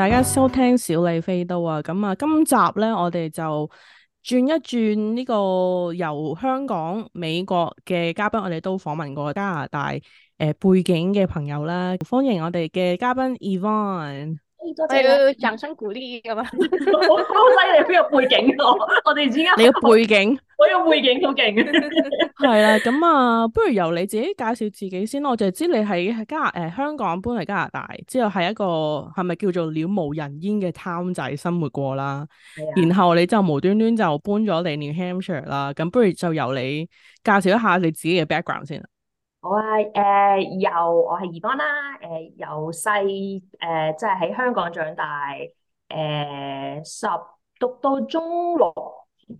大家收聽小李飛刀啊，咁啊，今集咧我哋就轉一轉呢個由香港、美國嘅嘉賓，我哋都訪問過加拿大誒、呃、背景嘅朋友啦，歡迎我哋嘅嘉賓 Evan。係要掌聲鼓勵咁啊！好犀利，邊有背景個？我哋而家你嘅背景，我個背景好勁。係啦，咁 啊，不如由你自己介紹自己先咯。我就知你喺加誒、呃、香港搬嚟加拿大之後，係、就是、一個係咪叫做鳥無人煙嘅 town 仔生活過啦。的然後你就無端端就搬咗嚟 New Hampshire 啦。咁不如就由你介紹一下你自己嘅 background 先。我係，誒、呃、由我係二哥啦，誒由細誒、呃、即係喺香港長大，誒、呃、十讀到中六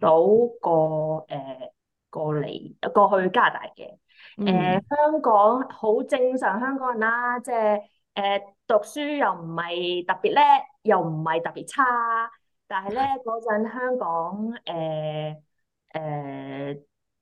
到過誒、呃、過嚟過去加拿大嘅，誒、呃、香港好正常香港人啦，即係誒、呃、讀書又唔係特別叻，又唔係特別差，但係咧嗰陣香港誒誒。呃呃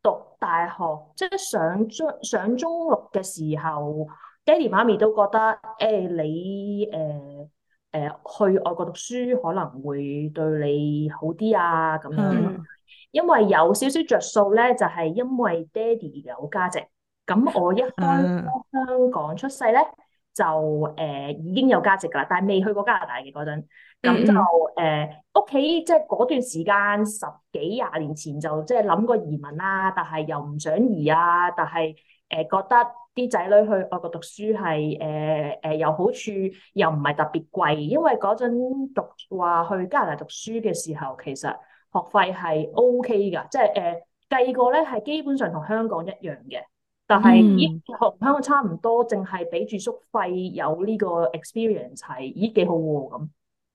讀大學即係上中上中六嘅時候，爹哋媽咪都覺得誒、欸、你誒誒、呃呃、去外國讀書可能會對你好啲啊咁樣，嗯、因為有少少着數咧，就係、是、因為爹哋有價值。咁我一喺香港出世咧，嗯、就誒、呃、已經有價值㗎喇，但係未去過加拿大嘅嗰陣。咁就誒屋企即係嗰段時間十幾廿年前就即係諗過移民啦、啊，但係又唔想移啊。但係誒、呃、覺得啲仔女去外國讀書係誒誒有好處，又唔係特別貴。因為嗰陣讀話去加拿大讀書嘅時候，其實學費係 OK 㗎，即係誒計過咧係基本上同香港一樣嘅，但係依同香港差唔多，淨係俾住宿費有呢個 experience 係咦幾好喎咁。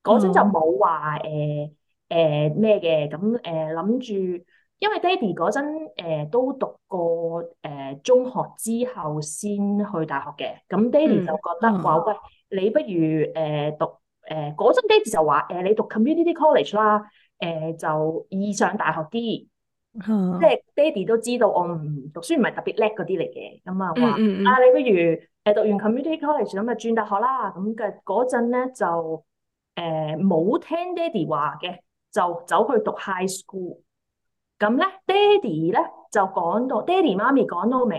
嗰陣就冇話誒誒咩嘅，咁誒諗住，因為爹哋嗰陣都讀過誒、呃、中學之後先去大學嘅，咁爹哋就覺得話、嗯嗯、喂，你不如誒、呃、讀誒嗰陣爹哋就話誒、呃、你讀 community college 啦、呃，誒就易上大學啲，嗯、即係爹哋都知道我唔讀書唔係特別叻嗰啲嚟嘅，咁啊話啊你不如誒、呃、讀完 community college 咁、呃、就、呃、轉大學啦，咁嘅嗰陣咧就。誒，冇、呃、聽爹哋話嘅，就走去讀 high school。咁咧，爹哋咧就講到，爹哋媽咪講到明，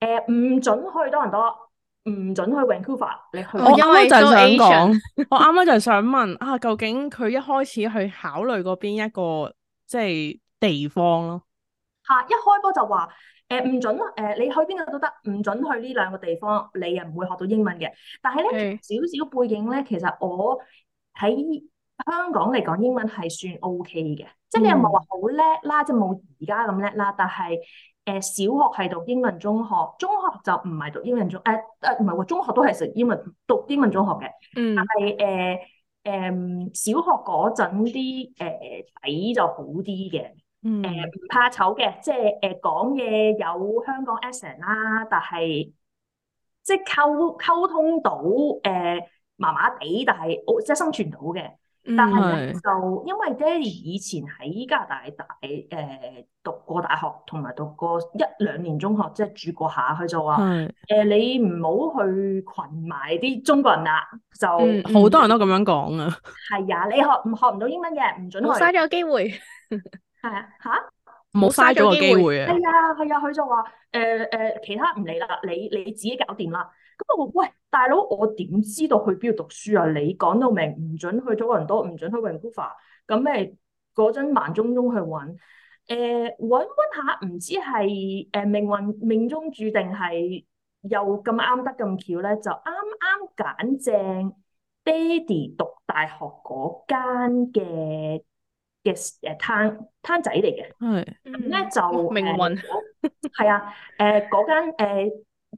誒、呃，唔準去多倫多，唔準去 Vancouver。你去多倫多，我啱啱就想講， 我啱啱就想問啊，究竟佢一開始去考慮過邊一個即係地方咯？啊！一開波就話，誒、呃、唔準誒、呃，你去邊度都得，唔準去呢兩個地方，你又唔會學到英文嘅。但係咧，少少是背景咧，其實我喺香港嚟講，英文係算 OK 嘅。就是嗯、即係你又冇係話好叻啦，即係冇而家咁叻啦。但係誒、呃，小學係讀英文中學，中學就唔係讀英文中誒誒，唔、呃、係、呃、中學都係讀英文讀英文中學嘅。嗯，但係誒誒，小學嗰陣啲誒底就好啲嘅。誒，怕醜嘅，即係誒講嘢有香港 accent 啦，但係即係溝溝通到誒，麻麻地，但係即係生存到嘅。但係就、嗯、因為爹哋以前喺加拿大大誒、呃、讀過大學，同埋讀過一兩年中學，即係住過下，佢就話誒，你唔好去群埋啲中國人啦，就好、嗯嗯、多人都咁樣講啊。係啊，你學唔學唔到英文嘅，唔準去，嘥咗個機會。係啊，吓，唔好嘥咗個機會啊！係啊，係啊，佢就話誒誒，其他唔理啦，你你自己搞掂啦。咁我話，喂大佬，我點知道去邊度讀書啊？你講到明唔准去咗云多，唔准去云姑發，咁咪嗰陣盲中中去搵，誒搵搵下，唔知係誒命運命中注定係又咁啱得咁巧咧，就啱啱揀正爹哋讀大學嗰間嘅。嘅誒攤攤仔嚟嘅，咁咧、 嗯、就命運，係啊誒嗰間，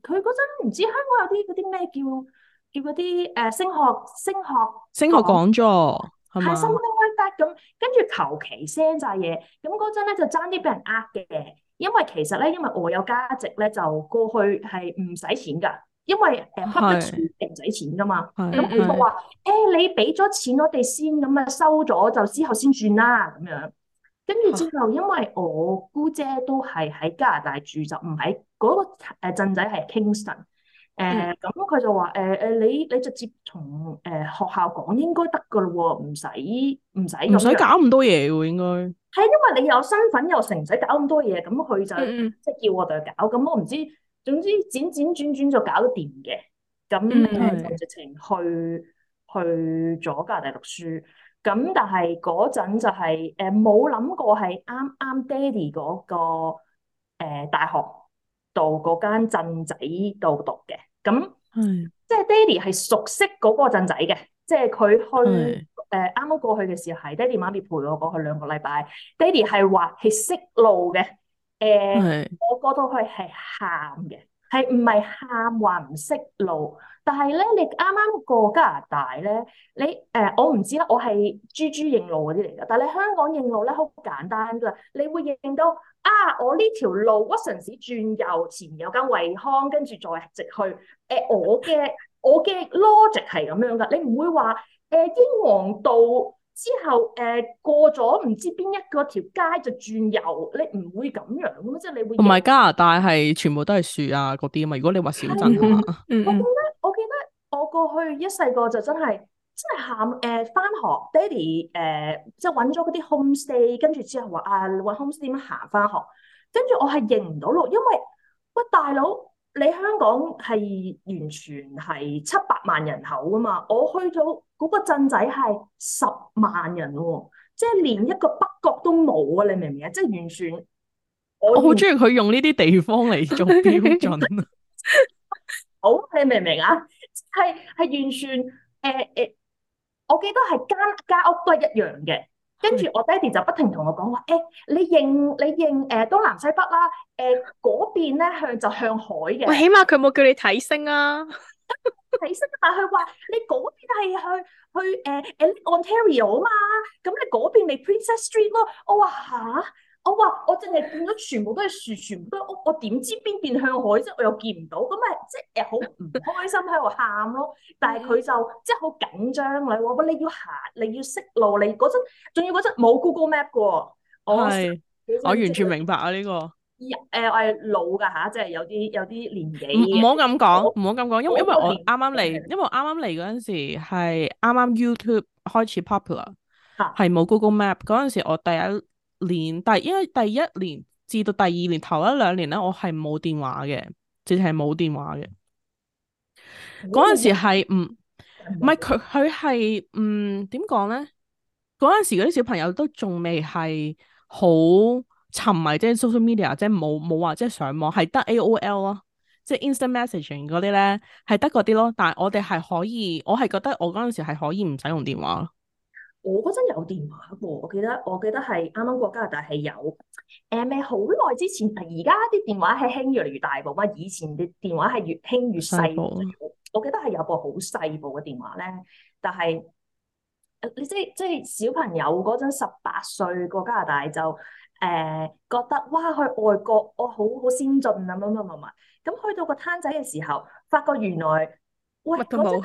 佢嗰陣唔知香港有啲啲咩叫叫嗰啲誒升學升學升學講座係 something like that 咁，跟住求其聲就嘢，咁嗰陣咧就爭啲俾人呃嘅，因為其實咧，因為我有價值咧，就過去係唔使錢噶。因為誒，一筆錢唔使錢噶嘛，咁佢就話誒，你俾咗錢我哋先，咁啊收咗就之後先算啦咁樣。跟住之後，因為我姑姐都係喺加拿大住，就唔喺嗰個誒鎮仔係 Kingston 是。誒、呃，咁佢就話誒誒，你你直接同誒、呃、學校講應該得噶咯，唔使唔使唔使搞咁多嘢喎、啊，應該。係因為你有身份，又成唔使搞咁多嘢，咁佢就即係叫我哋、嗯、搞，咁我唔知。 總之輾輾轉轉就搞掂嘅，咁直情去去咗加拿大讀書，咁但係嗰陣就係誒冇諗過係啱啱爹哋嗰個誒、呃、大學度嗰間鎮仔度讀嘅，咁、嗯、即係爹哋係熟悉嗰個鎮仔嘅，即係佢去誒啱啱過去嘅時候係爹哋媽咪陪我過去兩個禮拜，爹哋係話係識路嘅。誒、呃，我過到去係喊嘅，係唔係喊話唔識路？但係咧，你啱啱過加拿大咧，你誒、呃，我唔知啦，我係豬豬認路嗰啲嚟㗎。但係你香港認路咧好簡單㗎，你會認到啊，我呢條路，屈臣氏轉右前有間惠康，跟住再直去。誒、呃，我嘅我嘅 logic 係咁樣㗎，你唔會話誒、呃、英皇道。之後誒、呃、過咗唔知邊一個條街就轉右，你唔會咁樣噶，即係你會同埋加拿大係全部都係樹啊嗰啲啊嘛。如果你話小鎮係嘛，我記得，我記得，我過去一細個就真係真係行誒翻學爹哋誒即係搵咗嗰啲 home stay，跟住之後話啊搵 home stay 點行翻學，跟住我係認唔到路，因為喂大佬你香港係完全係七百萬人口㗎嘛，我去到。嗰個鎮仔係十萬人喎。哦，即係連一個北角都冇啊！你明唔明啊？即係完全，我好中意佢用呢啲地方嚟做標準。 好，你明唔明啊？係係完全誒誒、呃呃，我記得係間間屋都係一樣嘅。跟住我爹哋就不停同我講話誒，你認你認誒、呃、東南西北啦，誒、呃、嗰邊咧向就向海嘅。喂起碼佢冇叫你睇星啊。 起身啊！ 但係佢話：你嗰邊係去去誒誒、呃、Ontario 啊嘛，咁你嗰邊咪 Princess Street 咯。我話吓？我話我淨係見咗全部都係樹，全部都係屋，我點知邊邊向海啫？我又見唔到，咁咪即係好唔開心喺度喊咯。但係佢就即係好緊張你我喂，你要行，你要識路，你嗰陣仲要嗰陣冇 Google Map 噶，我我完全明白啊呢個。 誒、呃，我係老㗎吓、啊，即係有啲有啲年紀。唔好咁講，唔好咁講，因為因為我啱啱嚟，的因為我啱啱嚟嗰陣時係啱啱 YouTube 開始 popular，係冇、啊、Google Map 嗰陣時，我第一年第應該第一年至到第二年頭一兩年咧，我係冇電話嘅，直情冇電話嘅。嗰陣、嗯、時係唔，唔係佢佢係嗯，點講咧？嗰陣不、嗯嗯、時嗰啲小朋友都仲未係好。沉迷即係 social media，即係冇冇話即係上網，係得 AOL 咯，即係 instant messaging 嗰啲咧，係得嗰啲咯。但係我哋係可以，我係覺得我嗰陣時係可以唔使用，用電話。我嗰陣有電話嘅，我記得我記得係啱啱過加拿大係有。誒、呃、咩？好耐之前，而家啲電話係興越嚟越大部啊！以前啲電話係越興越細部。 我記得係有部好細部嘅電話咧，但係你即係即係小朋友嗰陣十八歲過加拿大就。誒、呃、覺得哇去外國，我好好先進啊！乜乜乜乜咁，去到個攤仔嘅時候，發覺原來喂，乜都冇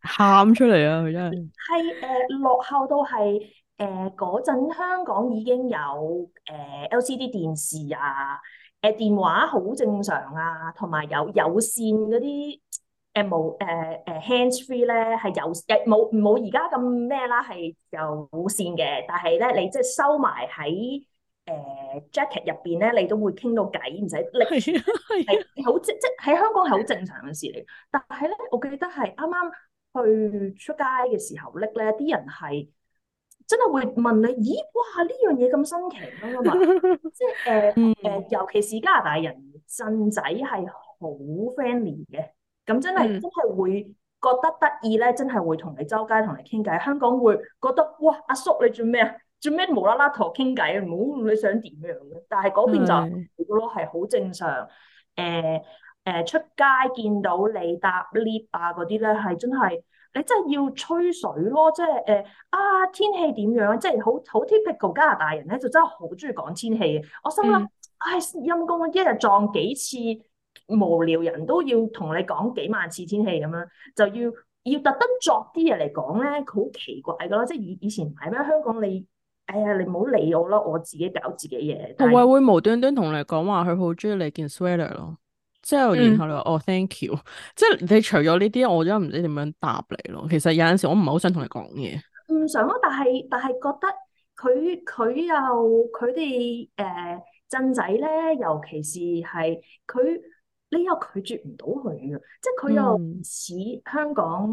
喊 出嚟啦、啊！佢真係係誒落後到係，誒嗰陣香港已經有誒、呃、LCD 電視啊，誒、呃、電話好正常啊，同埋有有線嗰啲誒無誒誒 handsfree 咧係有誒冇冇而家咁咩啦，係有線嘅、呃呃呃，但係咧你即係收埋喺。誒、呃、，jacket 入邊咧，你都會傾到偈，唔使拎，係好即即喺香港係好正常嘅事嚟。但係咧，我記得係啱啱去出街嘅時候拎咧，啲人係真係會問你，咦，哇，呢樣嘢咁新奇啊嘛！ 即係誒誒，尤其是加拿大人，真仔係好 friendly 嘅，咁真係真係會覺得得意咧，真係會同你周街同你傾偈。香港會覺得，哇，阿叔，叔你做咩啊？做咩無啦啦同我傾偈，唔好你想點樣嘅？但係嗰邊就係咯，係好、mm hmm。正常。誒、呃、誒、呃，出街見到你搭 lift 啊嗰啲咧，係真係你真係要吹水咯，即係誒啊天氣點樣？即係好好 typical 加拿大人咧，就真係好中意講天氣嘅。我心諗，唉陰公，一日撞幾次無聊人都要同你講幾萬次天氣咁樣，就要要特登作啲嘢嚟講咧，佢好奇怪嘅咯。即係以以前係咩香港你？係啊、哎，你唔好理我咯，我自己搞自己嘢。同會會無端端同你講話，佢好中意你件 sweater 咯。之後，然後你話哦、嗯 oh，thank you。即係你除咗呢啲，我真唔知點樣答你咯。其實有陣時我，我唔係好想同你講嘢。唔想咯，但係但係覺得佢佢又佢哋誒鎮仔咧，尤其是係佢呢，又拒絕唔到佢嘅，嗯、即係佢又唔似香港，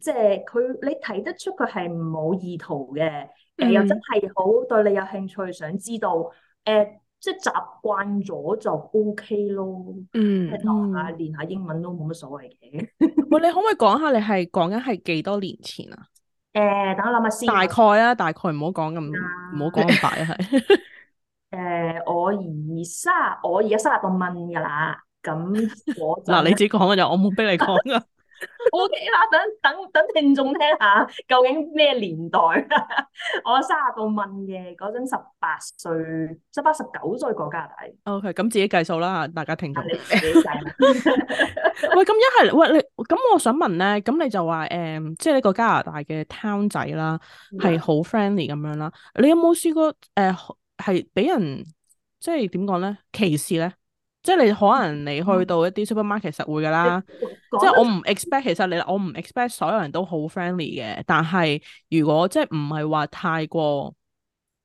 即係佢你睇得出佢係冇意圖嘅。嗯、又真係好對你有興趣，想知道，誒、呃，即係習慣咗就 O、OK、K 咯嗯，嗯，學下練下英文都冇乜所謂嘅。 喂，你可唔可以講下你係講緊係幾多年前啊？誒、呃，等我諗下先。大概啊，大概唔好講咁，唔好講咁快係、啊。誒、 呃，我二三，我而家三十六蚊㗎喇，咁我嗱，你自己講啊，又我冇逼你講啊。 O K 啦，等等等聽眾聽下，究竟咩年代？ 我卅度問嘅嗰陣十八歲、十八十九歲，18，歲加拿大。O K，咁自己計數啦，大家聽眾。 喂，咁一係喂你，咁我想問咧，咁你就話誒、嗯，即係呢個加拿大嘅 town 仔啦，係好 friendly 咁樣啦。Mm hmm. 你有冇試過誒，係、呃、俾人即係點講咧歧視咧？即係你可能你去到一啲 supermarket，實、嗯、會㗎啦。 即係我唔 expect，其實你我唔 expect 所有人都好 friendly 嘅。但係如果即係唔係話太過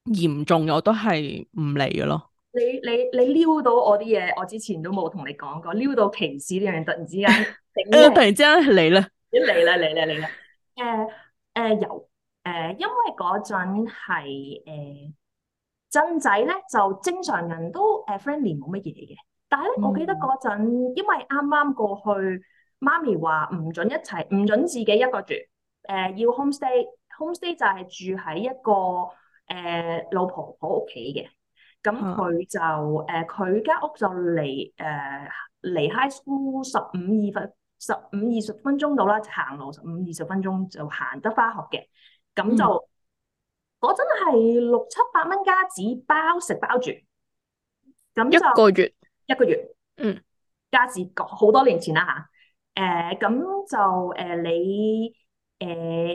嚴重嘅，我都係唔嚟嘅咯。你你你撩到我啲嘢，我之前都冇同你講過。撩到歧視呢樣突然之間，突然之間嚟啦，嚟啦嚟啦嚟啦。誒誒了、uh, uh, 有誒，uh, 因為嗰、uh, 陣係誒真仔咧，就正常人都誒、uh, friendly 冇乜嘢嘅。但係咧，我記得嗰陣，因為啱啱過去，媽咪話唔準一齊，唔準自己一個住。誒、呃，要 home stay，home stay 就係住喺一個誒、呃、老婆婆屋企嘅。咁佢就誒佢間屋就離誒、呃、離 high school 十五二分十五二十分鐘度啦，就行路十五二十分鐘就行得翻學嘅。咁就嗰陣係六七百蚊加紙，包食包住。咁一個月。一個月，嗯，家時好多年前啦吓，誒、啊，咁就誒、呃、你誒、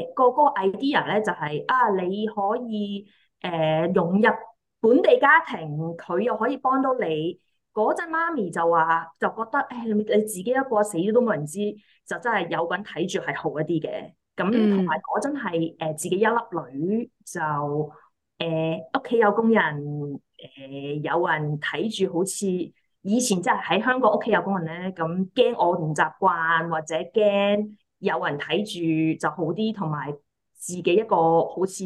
呃、個,個 idea 咧就係、是、啊，你可以誒、呃、融入本地家庭，佢又可以幫到你。嗰陣媽咪就話，就覺得誒你、欸、你自己一個死咗都冇人知，就真係有個人睇住係好一啲嘅。咁同埋嗰陣係誒自己一粒女就誒屋企有工人，誒、呃、有人睇住，好似。以前真係喺香港屋企有工人咧，咁驚我唔習慣，或者驚有人睇住就好啲，同埋自己一個好似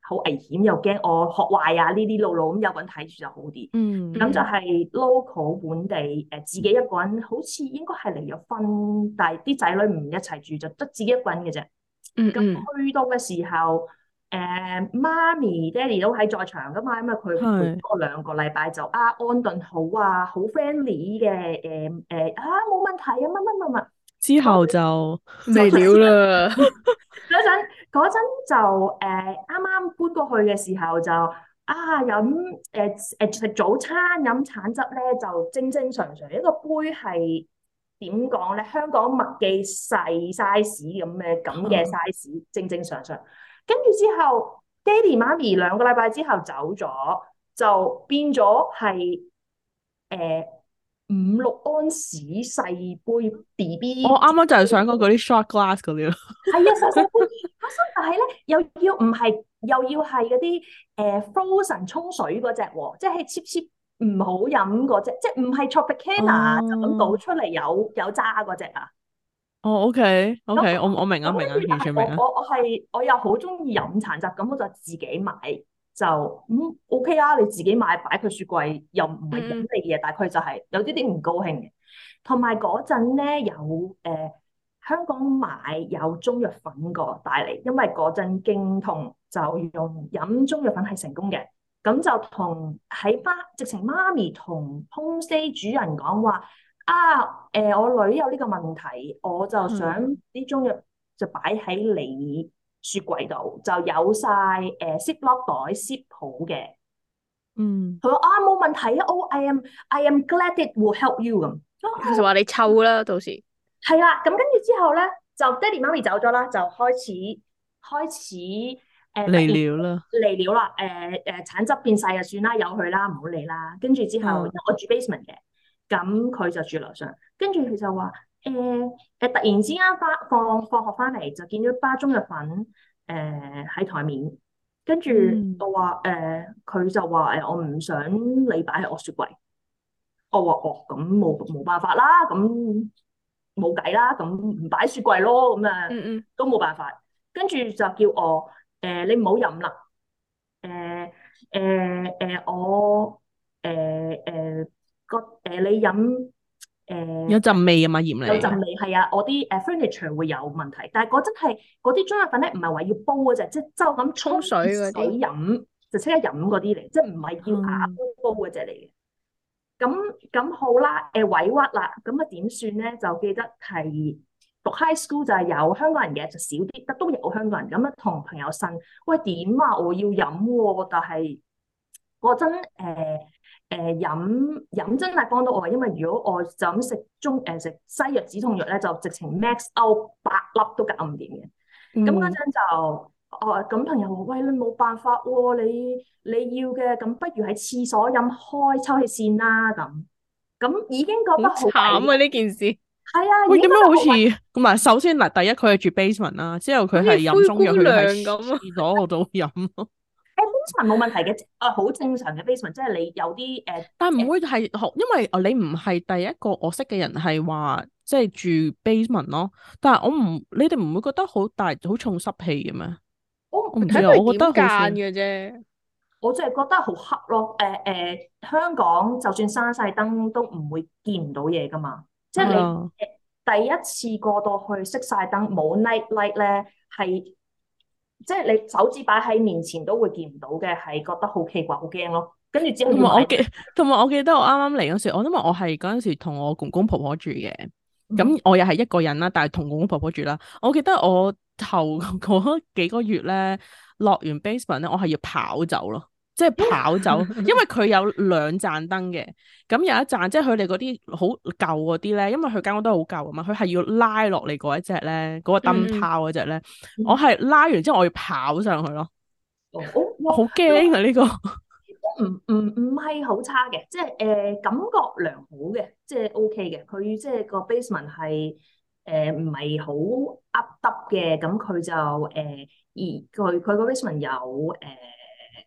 好危險，又驚我學壞啊呢啲路路咁有個人睇住就好啲。嗯、嗯，咁就係 local 本地誒、呃、自己一個人，好似應該係離咗婚，但係啲仔女唔一齊住，就得自己一個人嘅啫。嗯、嗯，咁去到嘅時候。誒媽咪、爹哋都喺在場㗎嘛，咁啊佢搬多兩個禮拜就啊安頓好啊，好 friendly 嘅誒誒啊冇問題啊，乜乜乜乜之後就未了啦，嗰陣就誒啱啱搬過去嘅時候就啊飲誒誒食早餐飲橙汁咧，就正正常常一個杯係點講咧，香港麥記細 size 咁嘅咁嘅 size 正正常常。跟住之後，爹哋媽咪兩個禮拜之後走咗，就變咗係誒五六安士細杯 B B。我啱啱就係想講嗰啲 shot glass 嗰啲咯。係啊，細細杯， 但係咧又要唔係又要係嗰啲誒 frozen 沖水嗰隻喎，即係黐黐唔好飲嗰隻，即係唔係 tropicana 就咁、哦、倒出嚟有有渣嗰隻啊？哦，OK，OK，我我明啊，明啊，完全明、啊、我我係我，我又好中意飲殘汁，咁我就自己買就咁、嗯、OK 啊，你自己買擺佢雪櫃，又唔係飲嚟嘅嘢，大概、嗯、就係、是、有啲啲唔高興嘅。同埋嗰陣咧有誒、呃、香港買有中藥粉個帶嚟，因為嗰陣經痛就用飲中藥粉係成功嘅，咁就同喺媽直情媽咪同 homestay 主人講話。啊！誒、呃，我女有呢個問題，我就想啲中藥就擺喺你雪櫃度，就有晒誒 Ziploc 袋 Ziploc 嘅。好嗯。佢話：啊，冇問題啊！Oh,、哦、I am, I am glad it will help you 咁。佢就話：你臭啦，到時。係啊，咁跟住之後咧，就爹哋媽咪走咗啦，就開始開始誒離、呃、了啦，離了啦。誒、呃、誒、呃，橙汁變曬嘅算有啦，由佢啦，唔好理啦。跟住之後，我、嗯、住 basement 嘅。咁佢就住樓上，跟住佢就話，誒誒，突然之間翻放放學翻嚟就見到巴中嘅粉，誒喺台面，跟住我話，誒佢就話，誒我唔想你擺喺我雪櫃，我話哦，咁冇冇辦法啦，咁冇計啦，咁唔擺雪櫃咯，咁啊，都冇辦法，跟住就叫我，誒你唔好飲啦，誒誒誒我誒誒。個、呃、你飲誒、呃、有陣味啊嘛，鹽嚟有陣味係啊，我啲誒、呃、furniture 會有問題，但係嗰真係嗰啲中藥粉咧，唔係話要煲嘅啫，即係即咁沖水嗰啲飲就刻、嗯、即刻飲嗰啲嚟，即係唔係要啊煲煲嗰隻嚟嘅。咁咁好啦，誒、呃、委屈啦，咁啊點算咧？就記得係讀 high school 就係有，有，有香港人嘅，就少啲，但都有香港人咁啊，同朋友呻喂，點啊，我要飲，但係嗰陣誒、呃、飲飲真係幫到我，因為如果我就咁食中誒食、呃、西藥止痛藥咧，就直情 max out 八粒都搞唔掂嘅。咁嗰陣就哦咁、呃、朋友話：喂，你冇辦法喎、啊，你你要嘅咁不如喺廁所飲開抽氣扇啦咁。咁已經覺得好慘啊！呢件事係啊，點解喂好似咁係？首先嚟第一，佢係住 basement 啦，之後佢係飲中藥，佢喺廁所度飲。basement 冇問題嘅，啊好正常嘅 basement，即係你有啲誒，呃、但唔會係學，因為啊你唔係第一個我識嘅人係話即係住 basement 咯，但係我唔，你哋唔會覺得好大好重濕氣嘅咩？我唔睇你點間嘅啫，我真係覺得好黑咯。誒、呃、誒、呃，香港就算閂晒燈都唔會見唔到嘢噶嘛。即係你、嗯、第一次過到去熄晒燈冇 night light 咧，係。即係你手指擺喺面前都會見唔到嘅，係覺得好奇怪、好驚咯。跟住之後同埋我記，同埋我記得我啱啱嚟嗰時，我因為我係嗰陣時同我公公婆婆住嘅，咁、嗯、我又係一個人啦，但係同公公婆婆住啦。我記得我頭嗰幾個月咧落完 basement 咧，我係要跑走咯。即係跑走，因為佢有兩盞燈嘅，咁有一盞即係佢哋嗰啲好舊嗰啲咧，因為佢間屋都好舊啊嘛，佢係要拉落嚟嗰一隻咧，嗰、嗰個燈泡嗰隻咧，嗯、我係拉完之後我要跑上去咯。我好驚啊！呢個唔唔唔係好差嘅，即係誒、呃、感覺良好嘅，即係 OK 嘅。佢即係、呃呃、個 basement 係誒唔係好凹凸嘅，咁佢就誒而佢佢個 basement 有誒。呃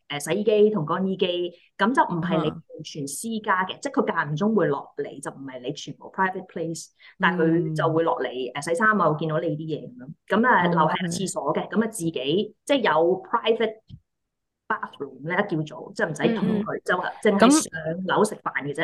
誒洗衣機同乾衣機，咁就唔係你完全私家嘅，uh huh. 即係佢間唔中會落嚟，就唔係你全部 private place，uh huh. 但係佢就會落嚟誒洗衫啊，見到你啲嘢咁樣。咁啊，留喺個廁所嘅，咁啊、uh huh. 自己即係有 private bathroom 咧，叫做即係唔使同佢，就話淨係上樓食飯嘅啫。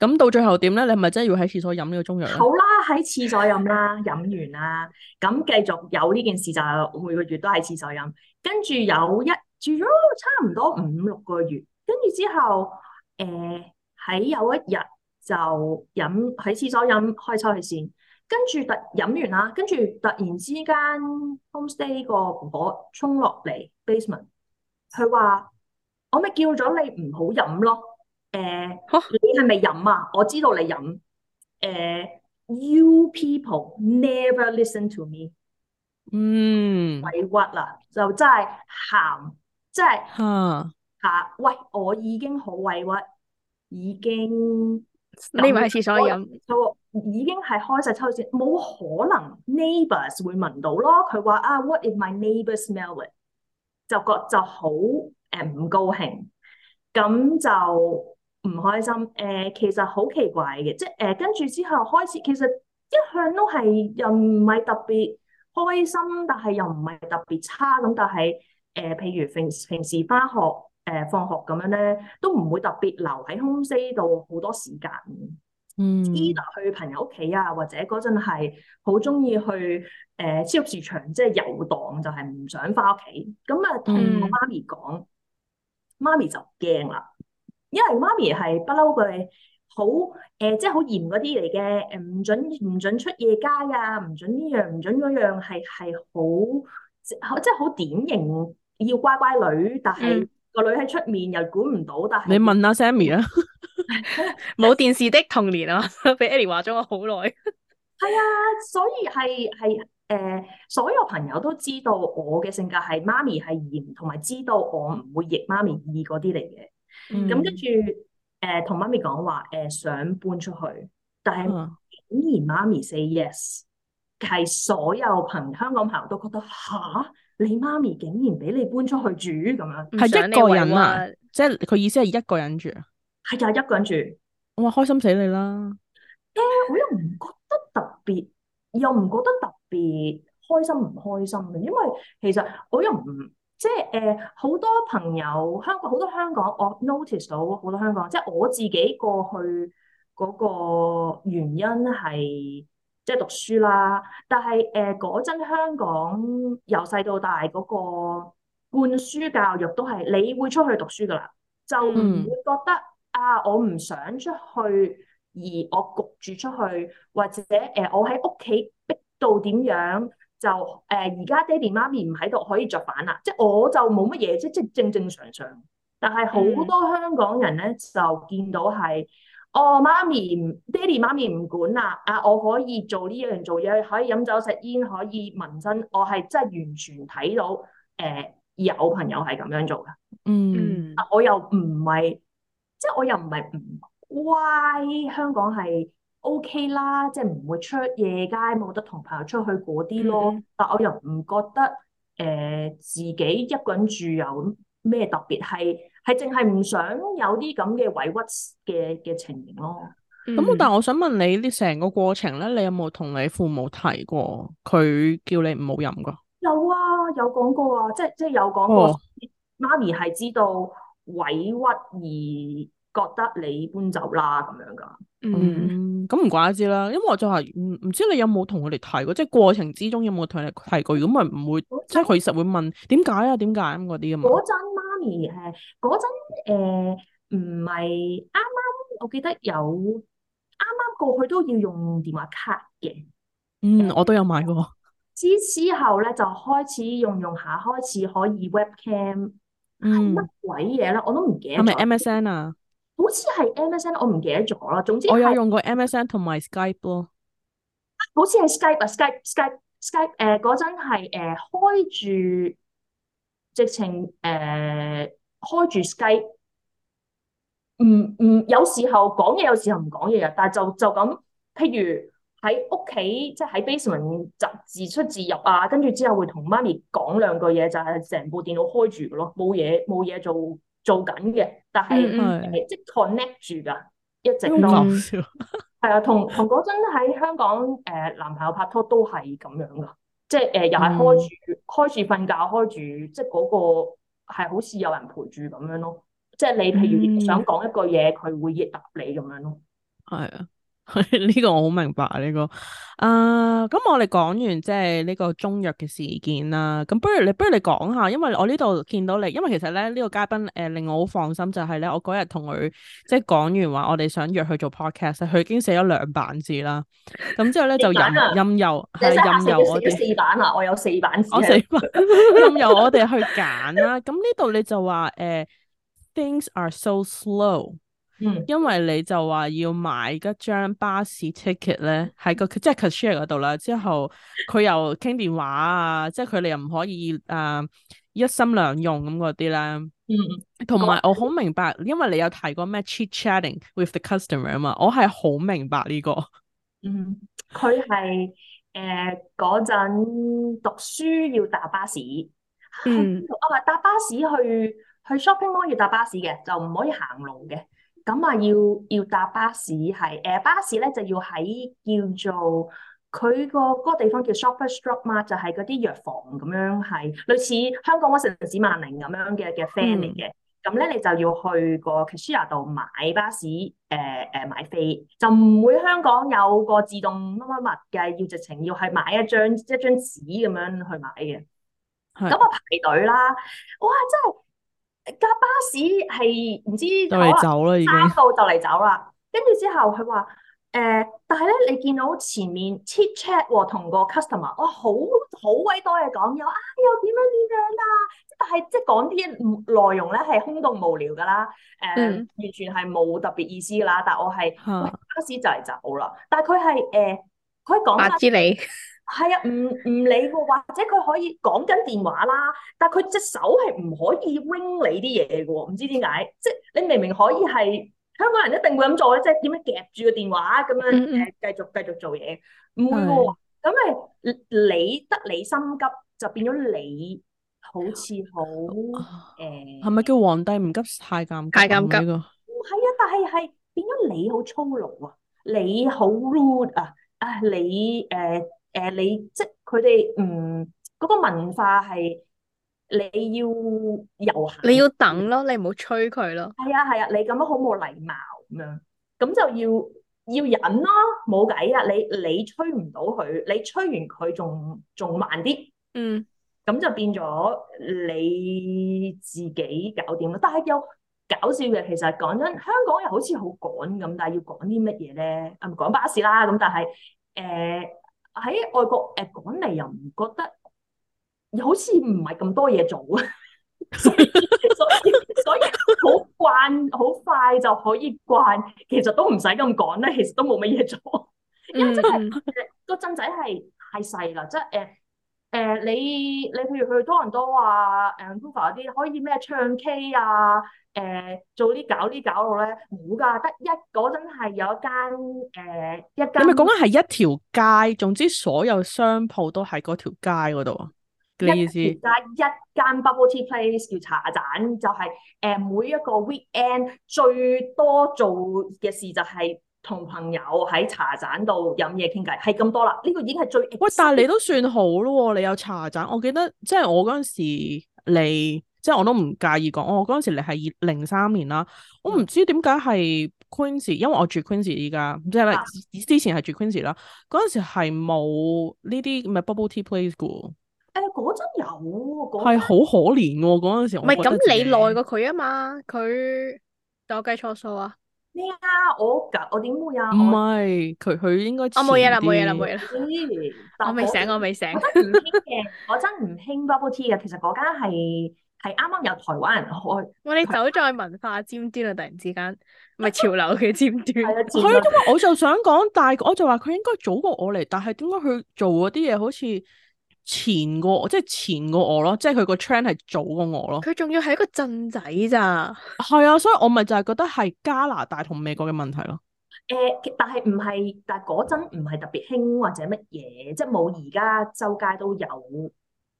咁、嗯、到最後點咧？你係咪真係要喺廁所飲呢個中藥？好啦，喺廁所飲啦，飲完啦，咁繼續有呢件事就係每個月都喺廁所飲，跟住有一。住咗差唔多五六個月，跟住之後，誒、呃、喺有一日就飲，喺廁所飲開抽氣扇，跟住突飲完啦，跟住突然之間 home stay 個婆婆衝落嚟 basement，佢話：我咪叫咗你唔好飲咯，誒、呃，Huh? 你係咪飲啊？我知道你飲，誒、呃、，you people never listen to me，嗯，mm. 委屈啦，就真係喊。即係 Huh. 啊！喂，我已經好委屈，已經匿埋喺廁所飲，已經係開晒抽扇，冇可能。Neighbors 會聞到咯。佢話啊，What is my neighbors smell it? 就覺就好誒唔高興，咁、嗯、就唔開心。誒、呃，其實好奇怪嘅，即係誒跟住之後開始，其實一向都係又唔係特別開心，但係又唔係特別差咁，但係。誒、呃，譬如平時平時翻學、誒、呃、放學咁樣咧，都唔會特別留喺公司度好多時間。嗯，依去朋友屋企啊，或者嗰陣係好中意去誒、呃、超級市場，即係遊蕩，就係、是、唔想翻屋企。咁啊，同我媽咪講，嗯、媽咪就驚啦，因為媽咪係不嬲佢好誒，即係好嚴嗰啲嚟嘅。誒唔准唔準出夜街啊，唔准呢樣唔準嗰樣，係係好即係好典型。要乖乖女，但係、嗯、個女喺出面又管唔到，但係你問阿 Sammy 啦，冇電視的童年啊，俾 Eddie 話咗我好耐。係啊，所以係係誒，所有朋友都知道我嘅性格係媽咪係嚴，同埋知道我唔會逆媽咪意嗰啲嚟嘅。咁、嗯嗯、跟住誒，同媽咪講話誒，想搬出去，但係竟然媽咪 say yes，係所有朋香港朋友都覺得吓。你媽咪竟然俾你搬出去住咁樣，係、啊、一個人啊！即係佢意思係一個人住啊！係就係一個人住。我話開心死你啦！誒、呃，我又唔覺得特別，又唔覺得特別開心唔開心嘅，因為其實我又唔即係誒好多朋友香港好多香港，我 notice 到好多香港，即係我自己過去嗰個原因係。即係讀書啦，但係誒嗰陣香港由細到大嗰個灌輸教育都係，你會出去讀書噶啦，就唔會覺得、嗯、啊，我唔想出去，而我焗住出去，或者誒、呃、我喺屋企逼到點樣，就誒而家爹哋媽咪唔喺度可以作反啦，即係我就冇乜嘢，即即正正常常，常，但係好多香港人咧就見到係。嗯我媽、哦、咪唔，爹哋媽咪唔管啦。啊，我可以做呢樣做嘢，可以飲酒食煙，可以紋身。我係真係完全睇到，誒、呃，有朋友係咁樣做㗎。嗯、啊。我又唔係，即係我又唔係唔乖。香港係 OK 啦，即係唔會出夜街，冇得同朋友出去嗰啲咯。嗯、但我又唔覺得誒、呃、自己一個人住有咩特別係。係淨係唔想有啲咁嘅委屈嘅嘅情形咯、啊。咁、嗯、但係我想問你，呢成個過程咧，你有冇同你父母提過？佢叫你唔好飲噶有啊，有講過啊，即係即係有講過。媽咪係知道委屈而覺得你搬走啦咁樣噶。嗯，咁唔、嗯、怪知啦，因為我就係唔唔知你有冇同佢哋提過，即係過程之中有冇同你提過？如果唔係唔會，即係佢實會問點解啊？點解咁嗰啲啊，啊嘛。而誒嗰陣唔係啱啱，我記得有啱啱過去都要用電話卡嘅。嗯，嗯我都有買過。之之後咧，就開始用用下，開始可以 webcam，嗯，乜鬼嘢咧，我都唔記得。係咪 MSN 啊，好似係 MSN，我唔記得咗啦。總之我有用過 MSN 同埋 Skype 咯、呃。好似係 Skype Skype，Skype，Skype 誒嗰陣係誒開住。直情誒、呃、開住 Skype、嗯，唔、嗯、唔，有時候講嘢，有時候唔講嘢啊。但係就就咁，譬如喺屋企，即係喺 basement，自出自入啊。跟住之後會同媽咪講兩句嘢，就係、是、成部電腦開住嘅咯，冇嘢冇嘢做做緊嘅。但係即係 connect 住噶，一直都係、嗯、 啊。同同嗰陣喺香港誒、呃，男朋友拍拖都係咁樣噶。即係誒，又、呃、係開住、嗯、開住瞓覺，開住即係嗰個係好似有人陪住咁樣咯。即係你譬如想講一句嘢，佢、嗯、會應答你咁樣咯。係啊、哎。呢個我好明白呢個，啊，咁我哋講完即係呢個中藥嘅事件啦。咁不如你，不如你講下，因為我呢度見到你，因為其實咧呢個嘉賓誒令我好放心，就係咧我嗰日同佢即係講完話，我哋想約去做 podcast，佢已經寫咗兩版字啦。咁之後咧就任任由係任由我哋四版啊，我有四版字，任由我哋去揀啦。咁呢度你就話誒，things are so slow。嗯、因為你就話要買一張巴士 ticket 咧，喺、嗯、個即係 cashier 嗰度啦。之後佢又傾電話啊，即係佢哋又唔可以誒、呃、一心兩用咁嗰啲啦。嗯，同埋我好明白，因為你有提過咩 cheat chatting with the customer 啊嘛，我係好明白呢、呢個。嗯，佢係誒嗰陣讀書要搭巴士，嗯，我話搭巴士去去 shopping mall 要搭巴士嘅，就唔可以行路嘅。咁啊，要要搭巴士係誒巴士咧，就要喺叫做佢、嗰個嗰、嗰個、地方叫 Shoppers Drug Mart 嘛，就係嗰啲藥房咁樣，係類似香港嗰城市萬寧咁樣嘅嘅 f i 啡嚟嘅。咁咧、嗯，你就要去個 cashier 度買巴士誒誒、呃、買飛，就唔會香港有個自動乜乜物嘅，要直情要係買一張一張紙咁樣去買嘅。咁啊是排隊啦，哇真係～架巴士係唔知就嚟走啦，而家到就嚟走啦。跟住啦 之後佢話：誒、呃，但係咧，你見到前面 chat chat 和同個 customer，哇，好好鬼多嘢講，又啊，又點樣點樣啊！即但係即係講啲內容咧係空洞無聊噶啦，誒、呃，嗯、完全係冇特別意思啦。但係我係、嗯、巴士就嚟走啦。但係佢係誒，佢講阿芝你。字 係啊，唔唔理喎，或者佢可以講緊電話啦，但係佢隻手係唔可以 wing 你啲嘢嘅喎，唔知點解，即係你明明可以係香港人一定會咁做嘅，即係點樣夾住個電話咁樣誒繼續繼續做嘢，唔會喎。咁咪、那個、你得你心急，就變咗你好似好誒係咪叫皇帝唔急太監急？太監急個係啊！但係係變咗你好粗魯啊，你好 rude 啊啊你誒。誒你即係佢哋唔嗰個文化係你要遊行，你要等咯，你唔好催佢咯。係啊，係啊，你咁樣好冇禮貌咁樣，咁就要要忍咯，冇計啊！你你催唔到佢，你催完佢仲仲慢啲，嗯，咁就變咗你自己搞掂啦。但係又搞笑嘅，其實講真，香港又好似好趕咁，但係要趕啲乜嘢咧？啊，趕巴士啦，咁但係誒。喺外國誒，趕、呃、嚟又唔覺得，又好似唔係咁多嘢做啊，所以所以所以好慣，好快就可以慣。其實都唔使咁講咧，其實都冇乜嘢做， 因為真、就、係、是 mm hmm. 呃、個鎮仔係太細啦，即係誒。呃誒、呃、你你譬如去多倫多啊，誒 KTV 嗰啲可以咩唱 K 啊，誒、呃、做啲搞啲搞落咧冇噶，得一嗰陣係有一間誒、呃、一間，你咪講緊係一條街，總之所有商鋪都喺嗰條街嗰度啊，意思，一條街一間 bubble tea place 叫茶盞，就係、是、誒每一個 weekend 最多做嘅事就係、是。同朋友喺茶盞度飲嘢傾偈，係咁多啦。呢、這個已經係最喂，但係你都算好咯。你有茶盞，我記得即係我嗰陣時你，即係我都唔介意講、哦。我嗰陣時你係二零三年啦，我唔知點解係 Queen’s，因為我住 Queen’s 而家，即係之前係住 Queen’s 啦。嗰陣時係冇呢啲咪 Bubble Tea Place 嘅。誒、呃，嗰陣有、啊，係好可憐喎、啊。嗰陣時唔係咁，是你耐過佢啊嘛。佢但我計錯數啊。咩啊！我我點會有、啊？唔係佢佢應該我冇嘢、啊、啦，冇嘢啦，冇嘢啦。我未醒，我未醒 我。我真唔興嘅，我真唔興 bubble tea 嘅。其實嗰間係係啱啱由台灣人開。我哋走在文化尖端啊！突然之間，唔係潮流嘅尖端。佢因為我就想講，但係我就話佢應該早過我嚟，但係點解佢做嗰啲嘢好似？前個我即係前個我咯，即係佢個 trend 係早過我咯。佢仲要係一個鎮仔咋，係啊，所以我咪就係覺得係加拿大同美國嘅問題咯。誒、欸，但係唔係，但係嗰陣唔係特別興或者乜嘢，即係冇而家周街都有。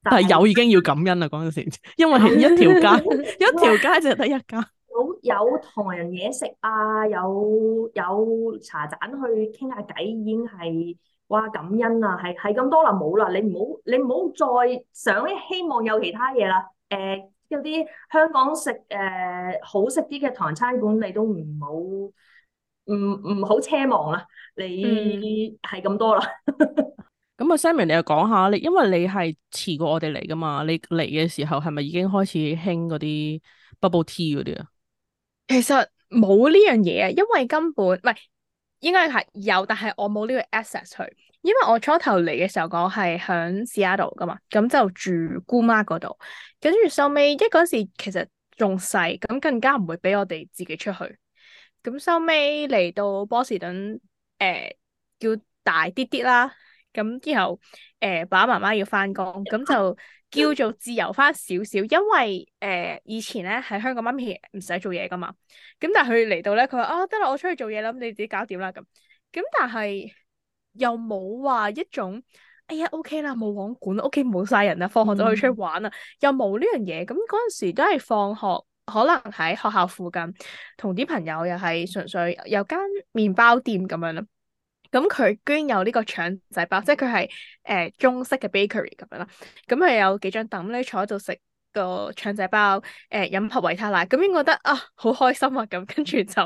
但係有已經要感恩啦，嗰陣時，因為一條街 一條街就得一家有有唐人嘢食啊，有有茶盞去傾下偈，已經係。哇！感恩啊，係係咁多啦，冇啦，你唔好你唔好再想希望有其他嘢啦。誒、呃，有啲香港食誒、呃、好食啲嘅唐餐館，你都唔好唔唔好奢望啦。你係咁多啦。咁啊，Sammy，你又講下你，因為你係遲過我哋嚟㗎嘛？你嚟嘅時候係咪已經開始興嗰啲 bubble tea 嗰啲啊？其實冇呢樣嘢啊，因為根本唔係。應該係有，但係我冇呢個 access 去，因為我初頭嚟嘅時候講係響 Seattle 噶嘛，咁就住姑媽嗰度，跟住收尾一嗰時其實仲細，咁更加唔會俾我哋自己出去，咁收尾嚟到波士頓，誒、呃、叫大啲啲啦，咁之後誒、呃、爸爸媽媽要翻工，咁就。 叫做自由翻少少，因為誒、呃、以前咧喺香港媽咪唔使做嘢噶嘛，咁但係佢嚟到咧，佢話啊得啦，我出去做嘢啦，咁你哋自己搞掂啦咁，咁但係又冇話一種，哎呀 OK 啦，冇王管屋企冇晒人啦，放學就可以出去玩啦，嗯、又冇呢樣嘢，咁嗰陣時都係放學可能喺學校附近同啲朋友又係純粹有間麵包店咁樣啦。咁佢居然有呢個腸仔包，即係佢係誒中式嘅 bakery 咁樣啦。咁佢有幾張凳咧，坐喺度食個腸仔包，誒、呃、飲盒維他奶，咁覺得啊好開心啊咁，跟住就就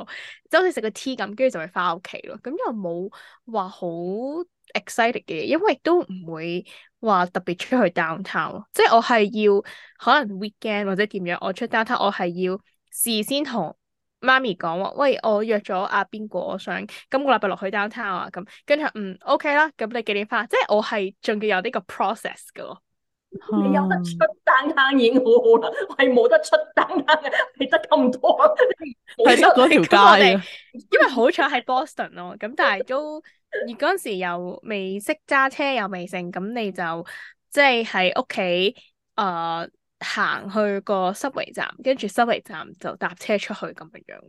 好似食個 tea 咁，跟住就會翻屋企咯。咁又冇話好 excited 嘅嘢，因為都唔會話特別出去 downtown。即係我係要可能 weekend 或者點樣，我出 downtown，我係要事先同媽咪講喎，喂，我約咗阿邊個，我想今個禮拜落去 downtown 啊，咁跟住嗯，OK 啦，咁你幾點返？即係我係仲要有呢個 process 嘅咯。嗯、你有得出 downtown 已經好好啦，我係冇得出 downtown 嘅，你得咁多，得咗嗰條街、嗯。因為好彩喺 Boston 咯，咁但係都嗰陣 時又未識揸車又未成，咁你就即係喺屋企啊。呃行去個新圍站，跟住新圍站就搭車出去咁樣樣。誒，咁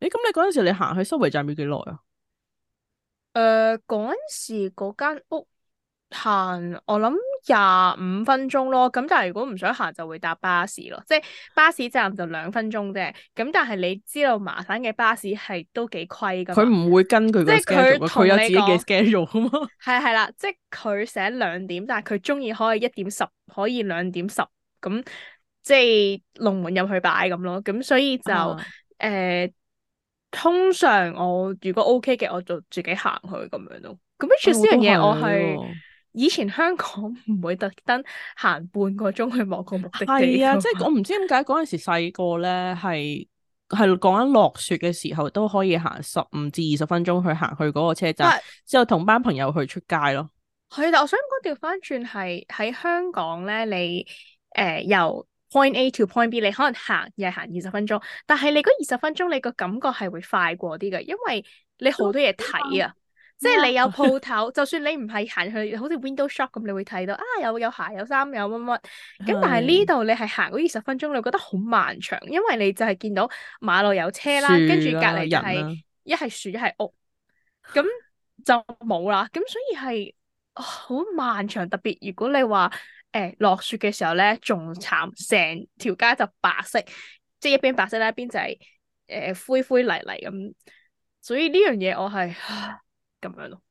你嗰陣時你行去收圍站要幾耐啊？誒、呃，嗰陣時嗰間屋行，我諗廿五分鐘咯。咁但係如果唔想行，就會搭巴士咯。即係巴士站就兩分鐘啫。咁但係你知道，麻省嘅巴士係都幾虧噶。佢唔會根據即係佢佢有自己嘅 schedule 好嘛。係係啦，即係佢寫兩點，但係佢中意可以一點十，可以兩點十。咁即係龍門入去擺咁咯，咁所以就誒、啊呃、通常我如果 OK 嘅，我就自己行去咁樣咯。咁一轉呢樣嘢，我係以前香港唔會特登行半個鐘去某個目的地。啊，啊，即係我唔知點解嗰陣時細個咧係，係講緊落雪嘅時候都可以行十五至二十分鐘去行去嗰個車站，是之後同班朋友去出街咯。係，但係我想講調翻轉，係喺香港咧，你。誒、呃，由 point A to point B，你可能行又係行二十分鐘，但係你嗰二十分鐘你個感覺係會快過啲嘅，因為你好多嘢睇啊， 即係你有鋪頭， 就算你唔係行去好似 window shop 咁，你會睇到啊有有鞋有衫有乜乜，咁但係呢度你係行嗰二十分鐘，你會覺得好漫長，因為你就係見到馬路有車啦，跟住隔籬就係一係樹一係屋，咁就冇啦，咁所以係好漫長，特別如果你話。誒落雪嘅時候咧，仲慘，成條街就白色，即係一邊白色啦，一邊就係誒灰灰泥泥咁。所以呢樣嘢我係咁樣咯。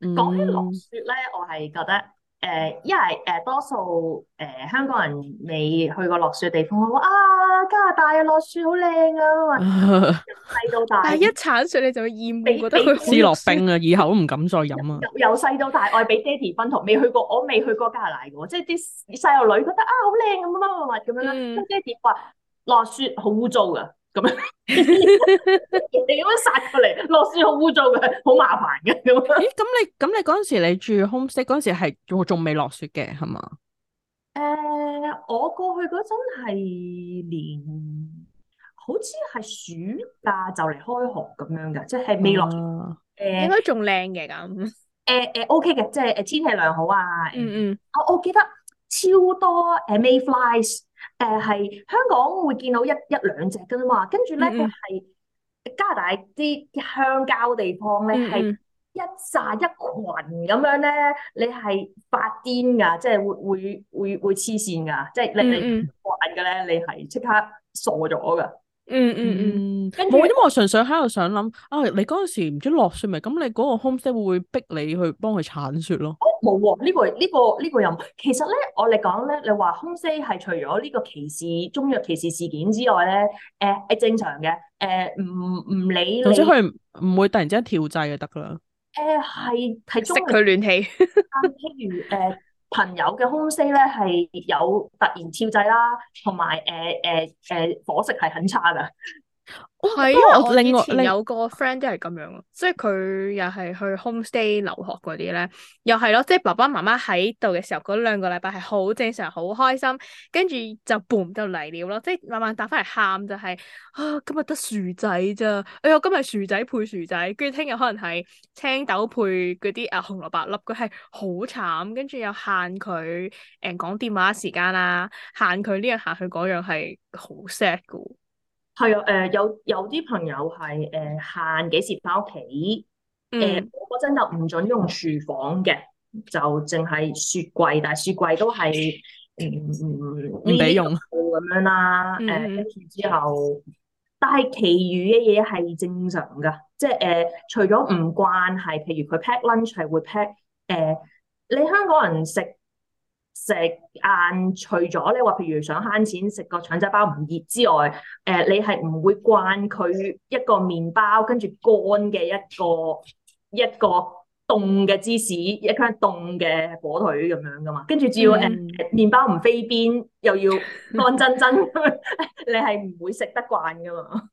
嗯、講起落雪咧，我係覺得。誒，因為誒多數誒、uh, 香港人未去過落雪地方，話啊加拿大啊落雪好靚啊，從細 到大。但係一剷雪你就會厭，覺得佢試落冰啊，以後都唔敢再飲啊。 由細到大，我係俾爹哋分途，未去過，我未去過加拿大喎。即係啲細路女覺得啊好靚咁，乜乜咁樣啦，爹哋話落雪好污糟噶。咁 樣，點樣殺過嚟？落雪好污糟嘅，好麻煩嘅咦？咁、欸、你咁你嗰陣時你住 home stay 嗰陣時係我仲未落雪嘅係嘛？誒、呃，我過去嗰陣係年，好似係暑假就嚟開學咁樣噶，即係未落。誒、嗯，呃、應該仲靚嘅咁。誒誒、呃呃、OK 嘅，即係誒天氣良好啊。嗯嗯，嗯，我 OK、oh, oh, 記得。超多 mayflies 誒、呃、係香港會見到一一,一兩隻噶嘛，跟住咧佢係加拿大啲鄉郊地方咧係一扎一群咁樣咧，你係發癲噶，即係會會會會黐線噶，即係令你唔、嗯嗯、慣嘅咧，你係即刻傻咗噶。嗯嗯嗯，冇、嗯，嗯、後因為我純粹喺度想諗啊，啊你嗰陣時唔知落雪咪，咁你嗰個 homestay 會唔會逼你去幫佢鏟雪咯？哦，冇喎、啊，呢、這個呢、這個呢、這個又，其實咧我嚟講咧，你話 homestay 係除咗呢個歧視中藥歧視事件之外咧，誒、呃、係正常嘅，誒唔唔理咯。總之，佢唔會突然之間跳掣就得㗎啦。誒係係中。熄佢暖氣。譬如誒。呃 朋友嘅空息咧係有突然跳掣啦，同埋誒誒誒伙食係很差噶。係啊，哦、我以前有個 friend 都係咁樣外即係佢又係去 homestay 留學嗰啲咧，又係咯，即係爸爸媽媽喺度嘅時候嗰兩個禮拜係好正常，好開心，跟住就半唔就嚟了咯，即係慢慢打翻嚟喊就係、是、啊，今日得薯仔咋？哎唷，今日薯仔配薯仔，跟住聽日可能係青豆配嗰啲啊紅蘿蔔粒，佢係好慘，跟住又限佢誒、嗯、講電話時間啦、啊，限佢呢樣限佢嗰樣係好 sad 噶。係啊，誒、呃、有有啲朋友係誒、呃、限幾時翻屋企，誒嗰陣就唔準用廚房嘅，就淨係雪櫃，但係雪櫃都係唔唔唔俾用咁樣啦。誒跟住之後，但係其餘嘅嘢係正常㗎，即係誒、呃、除咗唔慣係，譬如佢 pack lunch 係會 pack 誒、呃，你香港人食。食晏、嗯、除咗咧，話譬如想慳錢食個腸仔包唔熱之外，誒、呃，你係唔會慣佢一個麵包跟住乾嘅一個一個凍嘅芝士一間凍嘅火腿咁樣噶嘛，跟住只要誒麵、嗯呃、包唔飛邊，又要乾真真， 你係唔會食得慣噶嘛。